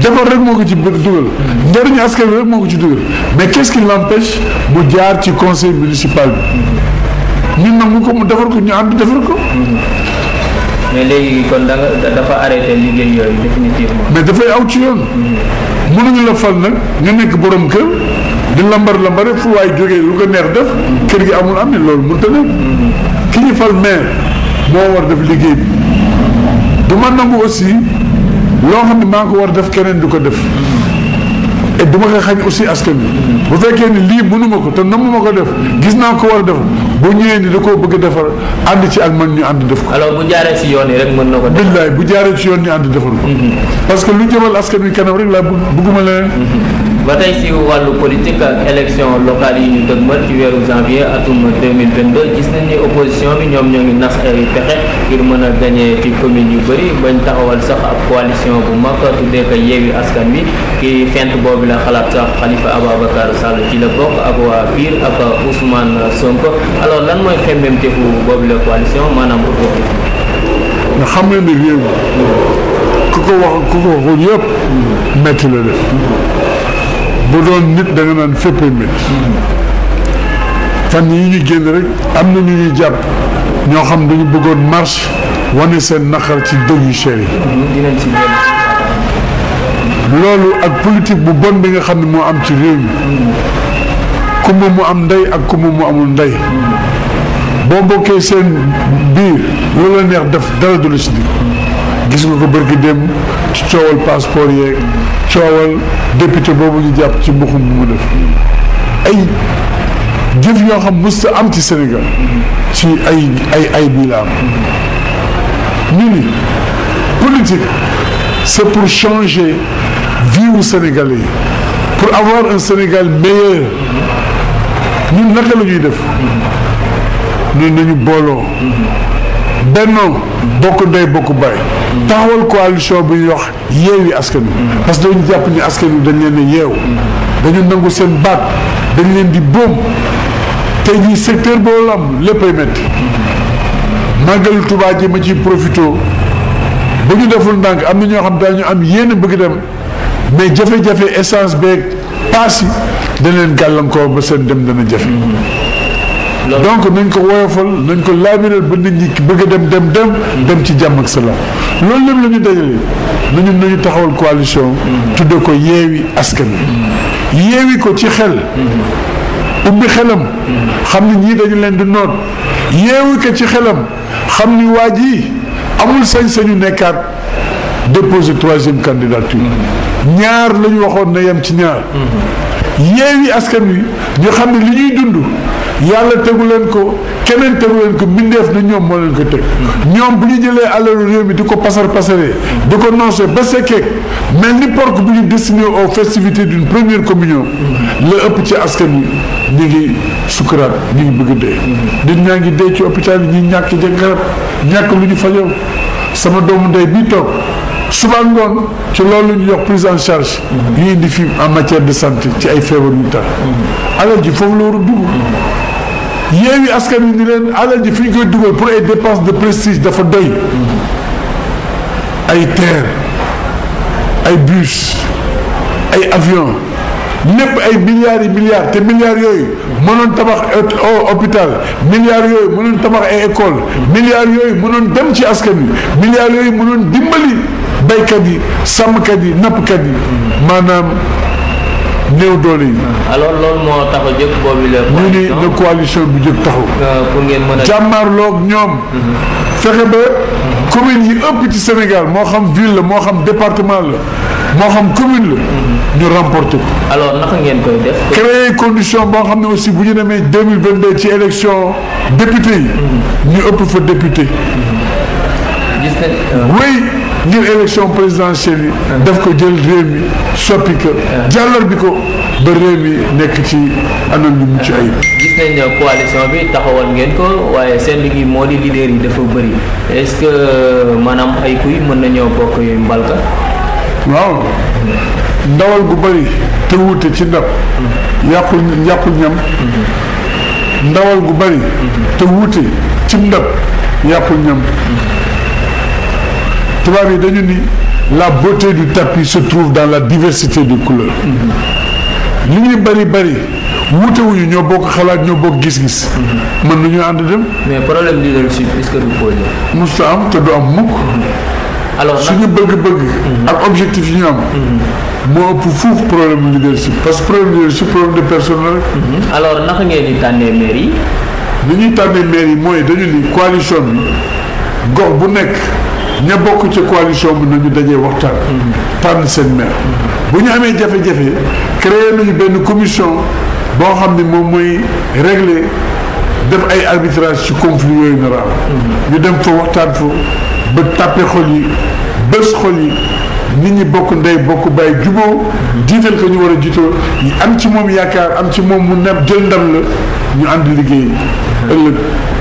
defar rek moo ko ci dugal njëriñu askan rek moo ko ci dugal mais quest ki qui l'empêche mu jaar ci conseil municipal bi ñu nangu ko mu defar ko ñu ànd defar ko. Mm-hmm. mais léegi kon da dafa arrêté liggéey yooyu mais dafay aw ci yoon. Mm-hmm. mënuñu la fal nag nga nekk borom kër di lambar lambare fu waay jógee lu ko neex def. Mm-hmm. kër gi amul am ne loolu mu a nekk. ki ñu fal maire moo war def liggéey bi du ma nangu aussi loo xam ne maa ko war def keneen du ko def. et du ma ko xañ aussi asken bi bu fekkee ni lii mënuma ko te nammuma ko def gis naa ko war a def boo ñëwee ni da koo bëgg a defar ànd ci ak man ñu ànd def ko. alors bu jaaree ci yoon yi rek mën na ko def. billaay bu jaaree ci yoon ñu ànd defal ko. Mm-hmm. parce que lu jëmal askan wi kanam rek laa bëgguma leneen. Mm-hmm. ba tey si wàllu politique ak élection locale yi ñu dëgmal ci weeru janvier atum gis nañ ni opposition bi ñoom ñoo ngi nas ay pexe ngir mën a gagné ci commune yu bëri bañ taxawal sax ab coalition bu mag tuddee ko yeewi askan wi ki fent boobu la xalaat sax Khalifa Ababacar Sall ci la bokk ak waa PUR ak Ousmane Sonko alors lan mooy xemmemteefu boobu la coalition maanaam pour boobu. nga xam nga ni réew ku ko wax ku ko waxul yëpp métti la def. bu doon nit da nga naan fépp mit fan yi ñu génn am na ñu ñuy jàpp ñoo xam dañu bëggoon marche wane seen naqar ci dëgg yu cher yi loolu ak politique bu bon bi nga xam ne moo am ci réew mi mu am ndey ak kumba mu amul ndey boo bokkee seen bi loolu neex def dara du la si gis nga ko bërki démb ci coowal passeport yeeg coowal député boobu ñu jàpp ci mbuxum bu mu def ay jëf yoo xam musta am ci Sénégal ci ay ay ay bii la am politique c'est pour changer vie wu pour avoir un Sénégal meilleur ñun naka la ñuy def ñun nañu booloo Benno bokk doy bokk bari taxawal coalition bu ñuy wax yeewi askan wi parce que dañu jàpp ni askan wi dañ leen a yeew dañu nangu seen baat dañu leen di boom tey jii secteur boo lam ay métti màggalu Tuubaa ji ma ci profité bu ñu deful ndànk am na ñoo xam daa ñu am yéen bëgg dem mais jafe-jafe essence beeg paas yi da leen gàllankoor ba seen dem dana jafe donc nañ ko woyofal nañ ko laabiral ba nit ñi bëgg a dem dem dem dem ci jàmm ak salaam loolu lépp la ñu dajale nañu nañu taxawal coalition mm-hmm. tudde ko yeewi askan wi mm-hmm. yeewi ko ci xel mm-hmm. ubbi xelam xam ni ñii dañu leen di noot yeewi ko ci xelam xam ni waa ji amul sañ-sañu nekkaat déposer troisième candidature ñaar la waxoon na yem ci ñaar yeewi askan wi ñu xam ne li ñuy dund yàlla tegu leen ko keneen tegu leen ko mbindeef na ñoom moo leen ko teg ñoom bu ñu jëlee alalu réew mi di ko pasar pasaree di ko noncé ba sekkee mel ni porc bu ñu destiné aux festivités d'une première communion la ëpp ci askan wi ñu ngi sukkuraat ñu ngi bëgg dee nit ñaa ngi dee ci opital yi ñuy ñàkk ja garab ñàkk lu ñu fajoo sama doomu ndey bii toog suba ngoon ci loolu ñu jox prise en charge yi indi fi en matière de santé ci ay feebar yu tax alal foofu la war a Yewwi Askan Wi ni leen alal ji fi ñu koy dugal pour ay dépenses de prestige dafa doy ay terre ay bus ay avion lépp ay milliards yi milliards te milliards yooyu mënoon tabax oh, hôpital milliards yooyu mënoon tabax ay école milliards yooyu mënoon dem ci askan wi milliards yooyu mënoon dimbali baykat yi sàmmkat yi nappkat yi néew doole yi. alors loolu moo tax a jóg boobu la. ñu ni la coalition bi jóg taxaw. Euh, pour ngeen mën a jàmmaarloog ñoom. Mhm. fexe ba communes yi ëpp ci Sénégal moo xam ville la moo xam département la moo xam commune la. Mhm. ñu remporté ko. alors naka ngeen koy créer condition boo xam ne aussi bu ñu demee deux mille vingt deux ci élection député yi. Mhm. ñu ëpp fa député. gis euh, ngir élection présidentielle yi ah. daf ko jël réew mi soppi ko ah. jàllar bi ko ba réew mi nekk ci anam ñu ci ay gis nañ ne coalition bi taxawal ngeen ko waaye seen liggéey moo di leader yi dafa bëri est-ce que maanaam ay kuy mën nañoo bokk yooyu mbalka waaw ndawal gu bari te wuute ci ndab mm-hmm. yàqul yàqul ñam mm-hmm. ndawal gu bëri mm-hmm. te wuute ci ndab yàqul ñam tubaab yi dañu ni la beauté du tapis se trouve dans la diversité des couleurs li ñuy bari bari wuute wuñu ñoo bokk xalaat ñoo bokk gis-gis. mën nañu ànd dem. mais problème leadership est-ce que du posé. mosut am te du am mukk. alors suñu bëgg-bëgg. Mhm. ak objectif yi ñu am. Mhm. moo ëpp fuuf problème leadership parce que problème leadership problème de personne la rek. Mhm. alors naka ngeen di tànnee maire yi. ñuy tànnee maire yi mooy dañu ni coalition bi gox bu nekk. ña bokk ci coalition bi nañu dajee waxtaan tànn seen maire bu ñu amee jafe-jafe créé nañu benn commission boo xam ne moom mooy régler def ay arbitrage ci conflit yooyu na raam ñu dem fa waxtaan fa ba tàppe xol yi bés xol yi nit ñi bokk ndey bokk bàyyi juboo jiital ko ñu war a yi am ci moom yaakaar am ci moom mu ne jël ndam la ñu ànd liggéey. ëllëg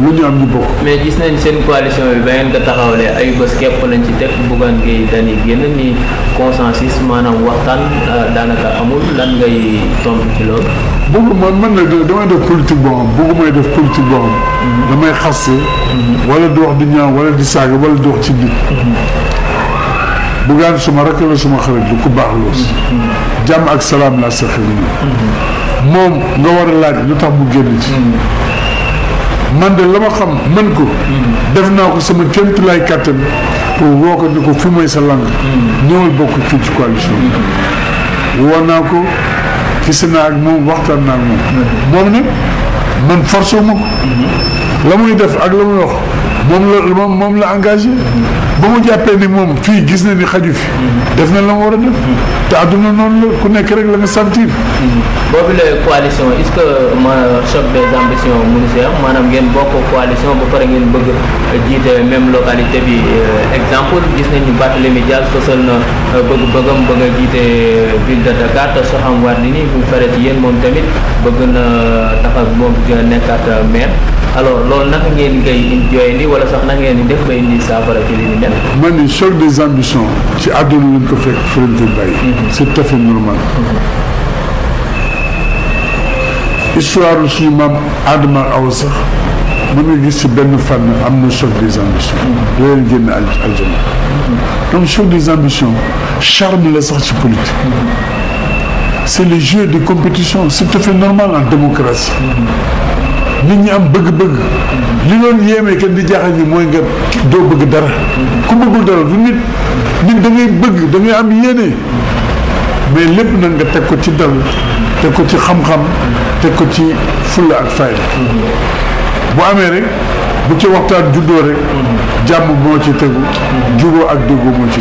lu ñu am ñu bokk. mais gis nañ seen coalition bi ba ngeen ko taxawalee ay bés képp lañ ci teg Bougane Gueye Dany génn ni consensus maanaam waxtaan euh, daanaka amul lan ngay tontu ci loolu. bëggu man man nag damay def politique boo xam def politique boo xam. Mhm. damay xas. Mhm. wala di wax di ñaaw wala di saaga wala di wax ci nit. Mhm. Bougane suma rakk la suma xarit lu ko baax loos. jàmm ak salaam laa seqal nii. moom nga war a laaj lu tax mu génn ci man de la ma xam mën ko def naa ko sama kémtu lay kàttan pour woo ko ni ko fi mooy sa lang ñëwal bokk fii ci coalition woo naa ko gis naa ak moom waxtaan naa ak moom moom nag man forcé ma ko la muy def ak la muy wax moom la moom ba mu jàppee ni moom fii gis na ni xaju fi def na la mu war a def te àdduna noonu la ku nekk rek la nga sentir boobu la coalition est-ce que ma choc des ambitions municipales maanaam ngeen bokk coalition ba pare ngeen bëgg jiite même localité bi euh, exemple gis nañu Barthélémy Dias fësal na euh, bëgg-bëggam bëgg a jiite euh, ville de Dakar te Soham Wardini bu mu faree ci yéen moom tamit bëgg na taxaw moom nekkaat maire alors loolu naka ngeen ngay jooy li wala sax naka ngeen di def bay indi saafara ci li ñu mel. man ni des ambitions ci àdduna lañ ko fekk fërante bàyyi. Mhm. c' est tout normal. Mhm. histoire suñu maam Adama aw sax mën gis ci benn fànn am na choc des ambitions. da leen génn aljana mhm. donc choc des ambitions charme la sax ci politique. c' est le jeu de compétition c' est tout normal en démocratie. nit ñi am bëgg-bëgg li doon yéeme kenn di jaaxal mooy nga doo bëgg dara ku bëggul dara du nit nit bëgg da am yéene mais lépp nag nga teg ko ci dal teg ko ci xam-xam teg ko ci fulla ak fayda bu amee bu ci waxtaan juddoo rek jàmm moo ci tegu juboo ak déggoo moo ci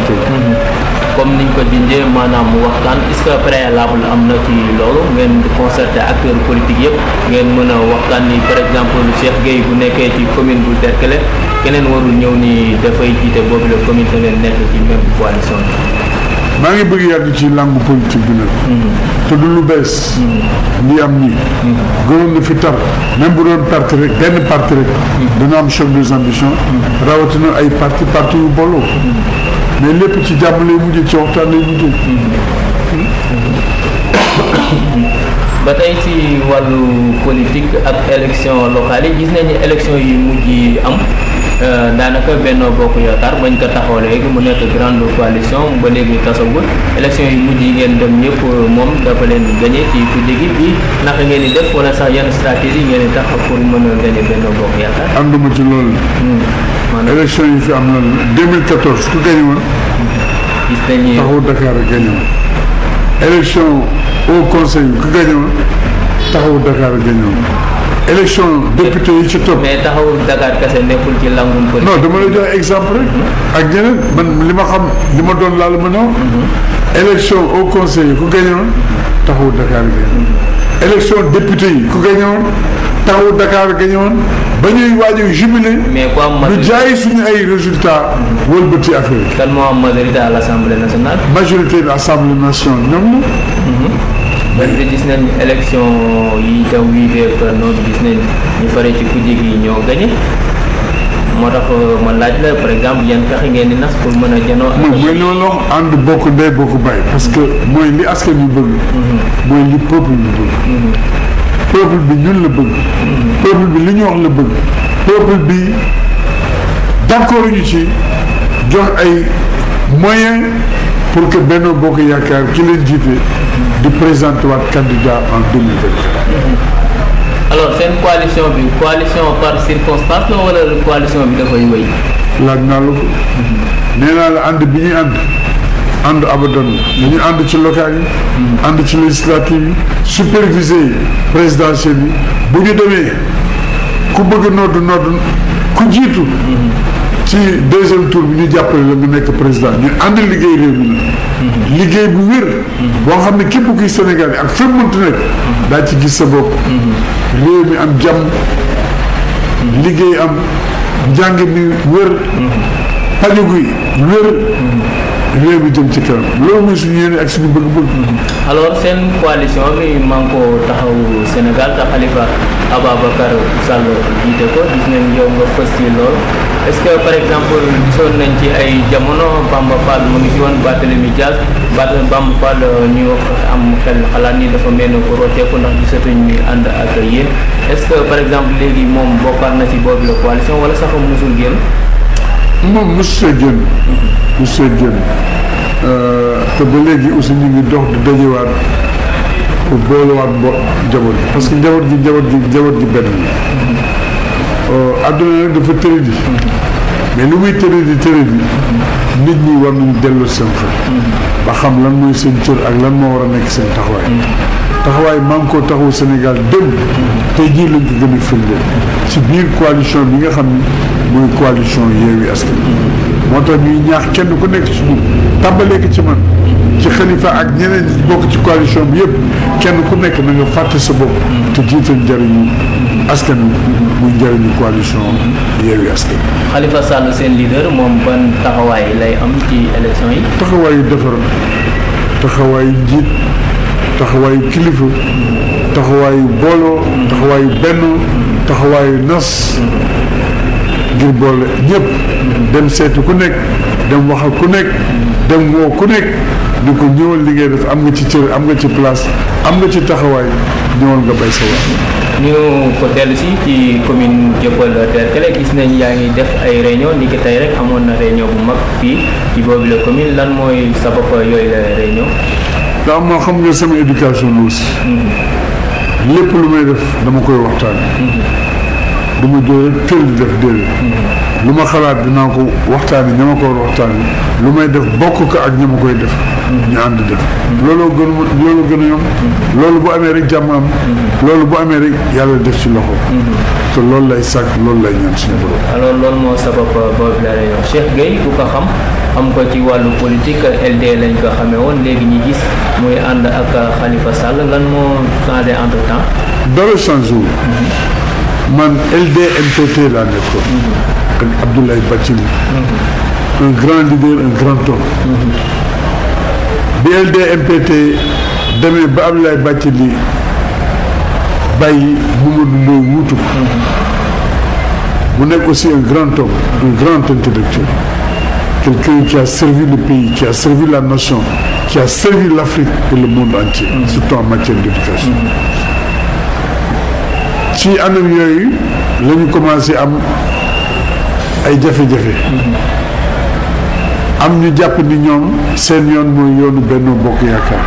comme niñ ko jinjee maanaam waxtaan est-ce que préalable am na ci loolu ngeen concerté acteurs politiques yëpp ngeen mën a waxtaan ni par exemple Cheikh Gueye bu nekkee ci commune bu Derklé keneen warul ñëw nii dafay jiite boobu la commune te ngeen nekk ci même coalition bi maa ngi bëgg yàgg ci làngu politique bi nag hmm. te du lu bees hmm. li am nii hmm. gënoon na fi tar même bu doon parti rek benn parti rek dana am choc des ambitions rawatina ay parti parti yu booloo mais lépp ci jàmm lay mujjee ci waxtaan lay mujjee. ba tey ci wàllu politique ak élection locale yi gis nañu élection yi mujj yi am euh, daanaka Benno Bokk Yaakaar bañ ko taxaw léegi mu nekk grande coalition ba léegi tasawul élection yi mujj yi ngeen dem yëpp moom dafa leen gagné ci ku jéggi bi naka ngeen di def wala sax yan stratégie ngeen di tax pour mën a gagné Benno Bokk Yaakaar. ànduma ci loolu. Hmm. maanaam élection yi fi am noonu 2014 ku gañe woon. gis nañ ne taxawu Dakar gañe woon. élection au conseil ku gañe taxawu Dakar gañe woon. élection député yi ci topp. mais taxawu Dakar kese nekkul ci langum politique. non dama lay jox exemple ak ñeneen man li ma xam li ma doon laal ma ñëw. Mhm. élection au conseil yi ku gañe woon taxawu Dakar gañe woon. élection député yi ku gañe taxawu Dakar gañe woon. ba ñuy waaj a mais ku am majorité lu jaay ay résultats. wëlbati affaire yi. kan moo am majorité à l' assemblée nationale. majorité de l' assemblée nationale ñoom la. Mm-hmm. parce que gis nañ élection yi itam wii weer par noonu gis nañ ñu fare ci kujje gi ñoo gagné moo tax euh, ma laaj la par exemple yan pexe ngeen ni nas pour mën a janoo. moom bokk ndey bokk bay parce que mooy li askan yu bëgg. Mm-hmm. mooy li peuple yu bëgg. Mm-hmm. peuple bi ñun la bëgg peuple bi li ñu wax la bëgg peuple bi d'accord ñu ci jox ay moyen pour que Benno Bokk Yaakaar ki leen jiite di présenter waat candidat en 2024 alors seen coalition bi coalition par circonstance la wala coalition bi dafay wéy laaj naa la ko mhm. nee la ànd bi ñuy ànd ànd abadan la ñu ànd ci local yi ànd ci législative yi supervisé yi présidentielle yi bu ñu demee ku bëgg nodd nodd ku jiitu ci deuxième tour bi ñu jàppale la nga nekk président ñu ànd liggéey réew mi la liggéey bu wér boo xam ne képp kuy Sénégal yi ak fépp mënti nekk daa ci gis sa bopp réew mi am jàmm liggéey am njàng mi wér pajugu yi wér réew bi jëm ci kanam loolu mooy suñu yéene ak suñu bëgg-bëgg. alors seen coalition bi Manko Taxawu Sénégal te Khalifa Ababacar Sall jiite ko gis nañ yow nga fës ci lool est-ce que par exemple gisoon nañ ci ay jamono Bamba Fall mu ngi si woon Barthélémy Dias Bamba Fall ñu wax am xel xalaat ni dafa mel ni ko rocceeku ndax gisatuñ ñuy ànd ak yéen est que par exemple léegi moom bokkaat na ci boobu la coalition wala sax musul génn. moom mos see génn mos see génn euh, te ba léegi aussi ñu ngi dox di dajewaat pour booluwaat bo njaboot gi parce que njaboot gi njaboot gi njaboot gi benn la euh, àdduna nag dafa tëri di mais lu muy tëri di tëri di nit ñi war nañ dellu seen xel ba xam lan mooy seen cër ak lan moo war a nekk seen taxawaay taxawaay maa ngi koo taxawu Sénégal démb tey jii lañ ko gën a firndeel ci biir coalition bi nga xam ni mooy coalition Yewwi Askan moo tax ñuy ñaax kenn ku nekk ci ñun tàmbalee ko ci man xalifa ak ñeneen ñi bokk ci coalition bi yëpp kenn ku nekk na nga fàtte sa bopp te jiital njëriñu askan wi muy njëriñu coalition Yewwi Askan Khalifa seen leader moom ban taxawaay lay am ci élection yi taxawaayu defar taxawaayu njiit taxawaayu kilifa taxawaayu booloo taxawaayu benn taxawaayu nas ngir boole ñëpp dem seetu ku nekk dem wax ku nekk dem woo ku nekk ni ko ñëwal li ngay def am nga ci cër am nga ci place am nga ci taxawaay ñëwal nga bay sa ñu ko dellu si ci commune Dieuppeul Derklé gis nañ yaa ngi def ay réunion ni ki rek amoon na réunion bu mag fii ci boobu la commune lan mooy sabab yooyu la réunion ndax moo xam nga sama éducation la aussi lépp lu may def dama koy waxtaan mm-hmm. du ma jóg rek tël di def déedéet mm-hmm. lu ma xalaat dinaa ko waxtaani ña ma ko war waxtaani lu may def bokk ko ak ña ma koy def ñu ànd def looloo gën loolu gën a loolu bu amee rek loolu bu amee yàlla def ci loxo te loolu lay sàkk loolu lay ñaan suñu borom alors loolu moo sabab boobu la yoon Cheikh Gueye ku ko xam am ko ci wàllu politique LD lañ ko xamee woon léegi ñu gis muy ànd ak Khalifa Sall lan moo changé entre temps dara changé mhm. man LD MPT laa nekkoon mhm. ak Abdoulaye Bathily un grand leader un grand homme bi LDMPT demee ba Abdoulaye Bathily bàyyi Mamadou Lo wuutu ko mu nekk aussi un grand homme un grand intellectuel quelqu'un qui a servi le pays qui a servi la nation qui a servi l'Afrique et le monde entier surtout en matière d'éducation ci anam yooyu la ñu am ay jafe-jafe am ñu jàpp ni ñoom seen yoon mooy yoonu Benno Bokk Yaakaar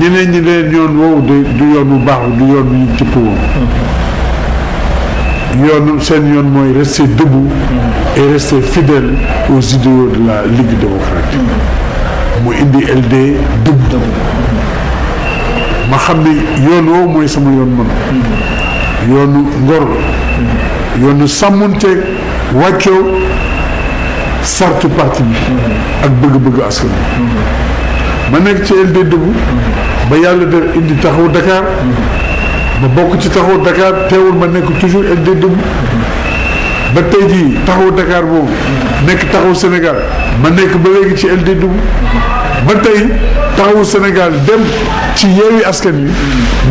ñeneen ñi leen yoon woowu de du yoon bu baax du yoon bu ñu jëpp woon yoonu seen yoon mooy rester debout et rester fidèle aux idéaux la Ligue démocratique mu indi LD dëgg ma xam ne yoon woowu mooy sama yoon man yoonu ngor yoonu sàmmunteeg wàccoo sartu parti bi ak bëgg-bëgg askan ma nekk ci LD Debout ba yàlla def indi taxaw Dakar ma bokk ci taxaw Dakar teewul ma nekk toujours LD Debout ba tey jii taxaw Dakar boobu nekk taxaw senegal ma nekk ba léegi ci LD Debout ba tey taxawu Sénégal dem ci yeewi askan wi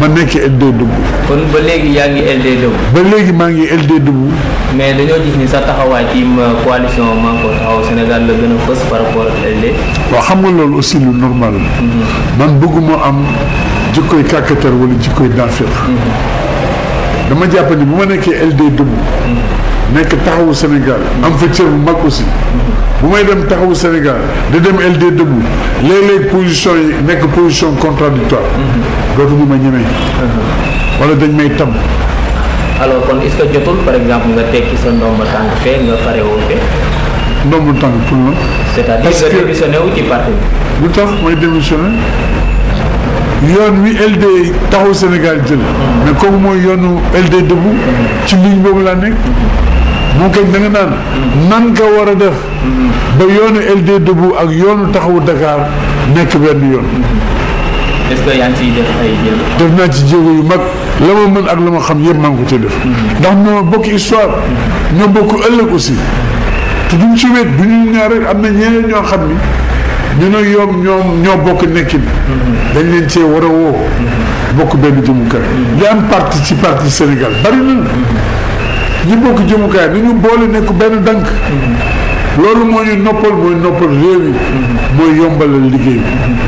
ma nekk LD Debout. kon ba léegi yaa ngi LD Debout. ba léegi maa ngi LD Debout. mais dañoo gis ni sax taxawaay ci coalition Manko Taxawu Sénégal la gën a fës par rapport ak LD. waaw xam nga loolu aussi lu normal mhm. man bëgguma am jikkoy kàkkatar walla jikkoy daafeer. Mhm. dama jàpp ni bu ma nekkee LD Debout. nekk taxawu Sénégal am fa cër bu mag aussi bu may dem taxawu Sénégal da dem LD debout léeg-léeg position yi nekk position contradictoire dootuñu ma ñemee wala dañ may tam alors kon est-ce que jotul par exemple nga tekki sa ndomba tànk fee nga farewoo fee ndomba tànk pour lan c'est-à-dire nga démissionné wu ci parti bi lu tax may démissionné yoon wi LD taxawu Sénégal jël mm-hmm. mais kooku mooy yoonu LD debout ci ligne boobu laa nekk mu kañ da nga naan nan nga war a def ba yoonu LD Debout ak yoonu taxawu Dakar nekk benn yoon est-ce def ay jéego. ci jéego yu mag la ma mën ak la ma xam yëpp maa ngi ko cee def. ndax ñoo bokk histoire. ñoo bokk ëllëg aussi. te ci wet du ñu ñaar rek am na ñoo xam ni ñu ne yoom ñoo bokk nekkin. dañ leen cee war a woo. bokk benn jëmukaay. yaa am parti ci parti Sénégal bari na. ñi bokk jëmukaay du ñu boole nekk benn dànk loolu moo ñu noppal mooy noppal réew yi mooy yombalal liggéey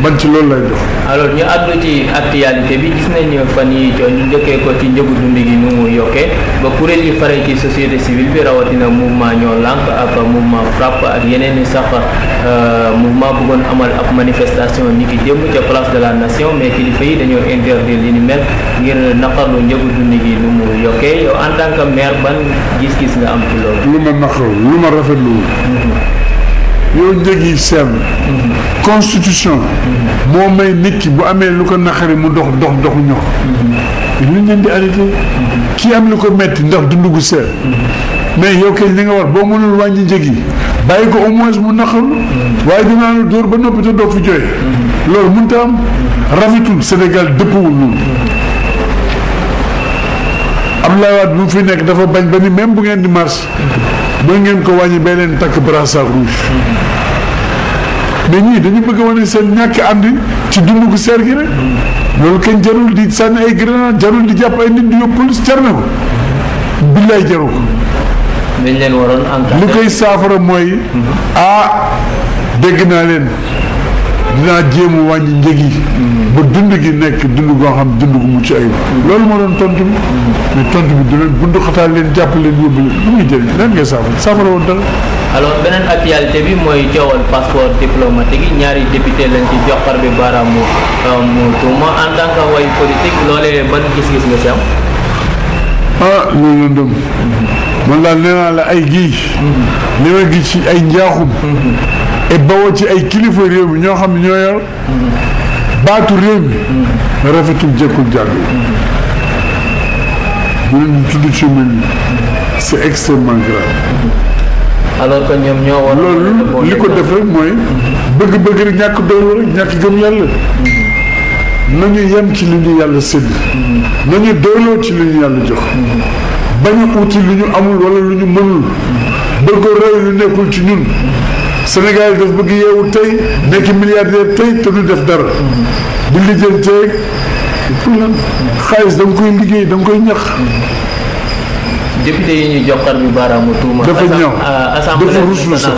man ci loolu lay dox alors ñu àddu ci actualité bi gis nañu fan yi coow ñu njëkkee ko ci njëgu dund gi nu mu yokkee ba kuréel yi fare ci société civile bi rawatina mouvement ñoo lànk ak mouvement frappe ak yeneen i sax euh, mouvement bëggoon amal ak manifestation ni ki démb ca place de la nation mais kilifa yi dañoo interdire li ni mel ngir naqarlu njëgu dund gi nu mu yokkee yow en tant que maire gis-gis nga am ci ma rafetlu hmm. yow njëg yi sell constitution moo may nit ki bu amee lu ko naqari mu dox dox doxu ñox lu ñu leen di arrêté kii am lu ko metti ndax dundu gu seer mais yow li nga war boo mënul wàññi njëg yi bàyyi ko au moins mu naqaru waaye dinaa la dóor ba noppi te doo fi jooyee loolu mënta am rafetul Sénégal dëppwul noonu Abdoulaye bi bu fi nekk dafa bañ ba ni même bu ngeen di marche mën ngeen ko wàññi ba leen takk brassard rouge mais ñii dañu bëgg a wane seen ñàkk àndi ci dundu gu seer gi rek loolu kenn jarul di sànni ay grenade jarul di jàpp ay nit di yóbbu police jar na ko billaay jaru ko dañ leen lu koy saafara mooy mhm. ah dégg naa leen dinaa jéem a wàññi njëg yi ba dund gi nekk dund goo xam dund gu ci ay loolu moo doon tontu bi mais tontu bi du leen bundu leen jàpp leen yóbbu leen lu muy jëriñ leen ngay saafara saafara woon dara alors beneen actualité bi mooy coowal passeport diplomatique yi ñaari député lañ ci joxar bi baaraamu euh, mu tuuma en tant que way politique loolee ban gis-gis ah, mm-hmm. la ay gii mm-hmm. li ma ci ay njaaxum mm-hmm. et bawoo ci ay kilifa réew mi ñoo xam ne ñoo yor baatu réew mi rafetul jekkul jàddu ñu leen tudd ci mel ni c'est extrêmement loolu li ko def rek mooy bëgg-bëgg rek ñàkk doylu rek ñàkk gëm yàlla nañu yem ci li ñu yàlla sédd nañu doyloo ci li ñu yàlla jox bañ a uti lu ñu amul wala lu ñu mënul bëgg roy lu nekkul ci ñun Sénégal daf bëgg yeewu tey nekk milliardaire tey te du def dara mm-hmm. di lijjanteeg pour xaalis da koy liggéey da koy ñax mm-hmm. député yi ñuy joxar bi baaraamu tuuma dafa ñëw ah, dafa ruslu sax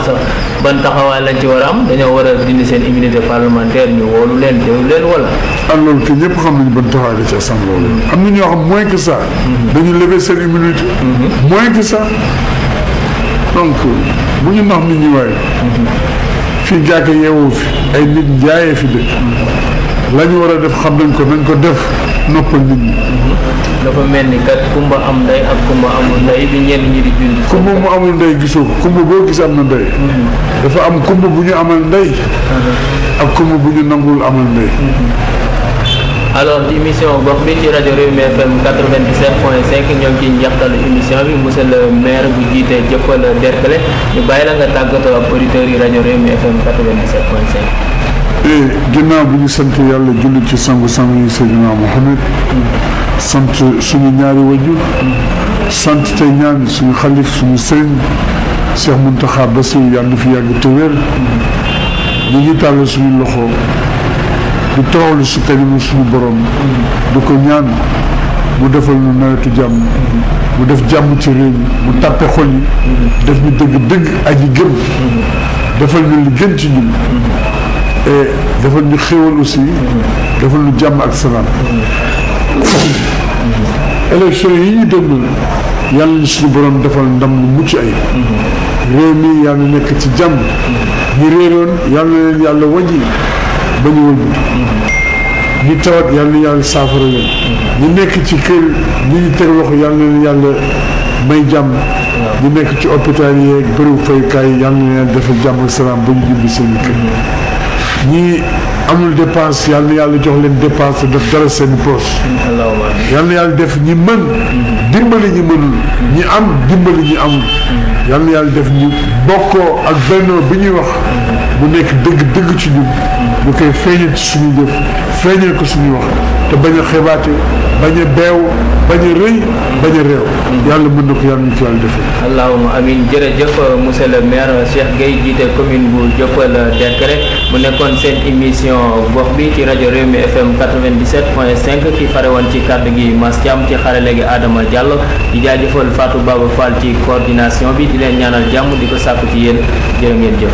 ban taxawaay lañ ci war am dañoo war a dindi seen immunité parlementaire ñu woolu leen déw leen wala alors ah, que ñëpp xam nañu ban taxawaay la ci assemblée mm-hmm. am na ñoo xam moins que dañu lever seen immunité moins que donc bu ñu nax mi ñi waaye fii jàkk yeewoo fi ay nit jaayee fi dëkk la war a def xam nañ ko nañ ko def noppal nit ñi dafa mel ni kat kumba am ndey ak kumba amul ndey bi ñenn ñi ko kumba boo gis am na ndey mm-hmm. dafa am kumba bu ñu amal ndey ak kumba bu ñu nangul amal ndey alors émission gox bi rajo Rewmi FM 97 point 5 ñoo ngi ciy njeextalu émission bi monsieur le maire bu jiite jëppal Derklé ñu bàyyi la nga tàggatoo ak yi rajo Rewmi FM 97 point 5. Eh, ginnaaw bi ñu sant ci sangu sangu yi Seydina Mohamed. sant suñu ñaari wajur. sant tey ñaan suñu xalif suñu sëriñ Cheikh Mountakha Bassirou yàlla na fi yàgg te wér. suñu loxo. di toroxlu si kanamu suñu boroom du ko ñaan mu defal nu nawetu jàmm mu def jàmm ci réew mi mu tàppe xol yi def ñu dëgg dëgg ak gëm ñu li gën ci ñun et defal ñu xéwal aussi defal ñu jàmm ak salaam élection yi ñu déglu yàlla ñu suñu borom defal ndam lu mucc ay réew mi yàlla nekk ci jàmm ñu réeroon yàlla leen yàlla wàññi ba ñu wëññi ñu tawat yàlla na yàlla saafara leen ñu nekk ci kër ñu ñu teg loxo yàlla na yàlla may jàmm ñu nekk ci hôpital yi ak bëriw fayukaay yi yàlla na leen defal jàmm ak salaam ba ñu jubbi seen kër ñii amul dépense yàlla na yàlla jox leen dépense def dara seen poche yàlla na yàlla def ñi mën dimbali ñi mënul ñi am dimbali ñu amul yàlla na yàlla def ñu bokkoo ak bennoo bi ñuy wax mu nekk dëgg dëgg ci ñun ñu koy feeñal ci suñu jëf feeñal ko suñu wax te bañ a xebaate bañ a beew bañ a rëy bañ a réew yàlla mën na ko yàlla ñu ci yàlla defal allahuma amin jërëjëf le maire Cheikh Gueye jiite commune bu Dieuppeul Derklé mu nekkoon seen émission gox bi ci rajo Rewmi FM 97 point 5 ki woon ci kàddu gi Mass Thiam ci xarale gi Adama Diallo di jaajëfal faatu Baba Fall ci coordination bi di leen ñaanal jàmm di ko sàkku ci yéen jërë ngeen jëf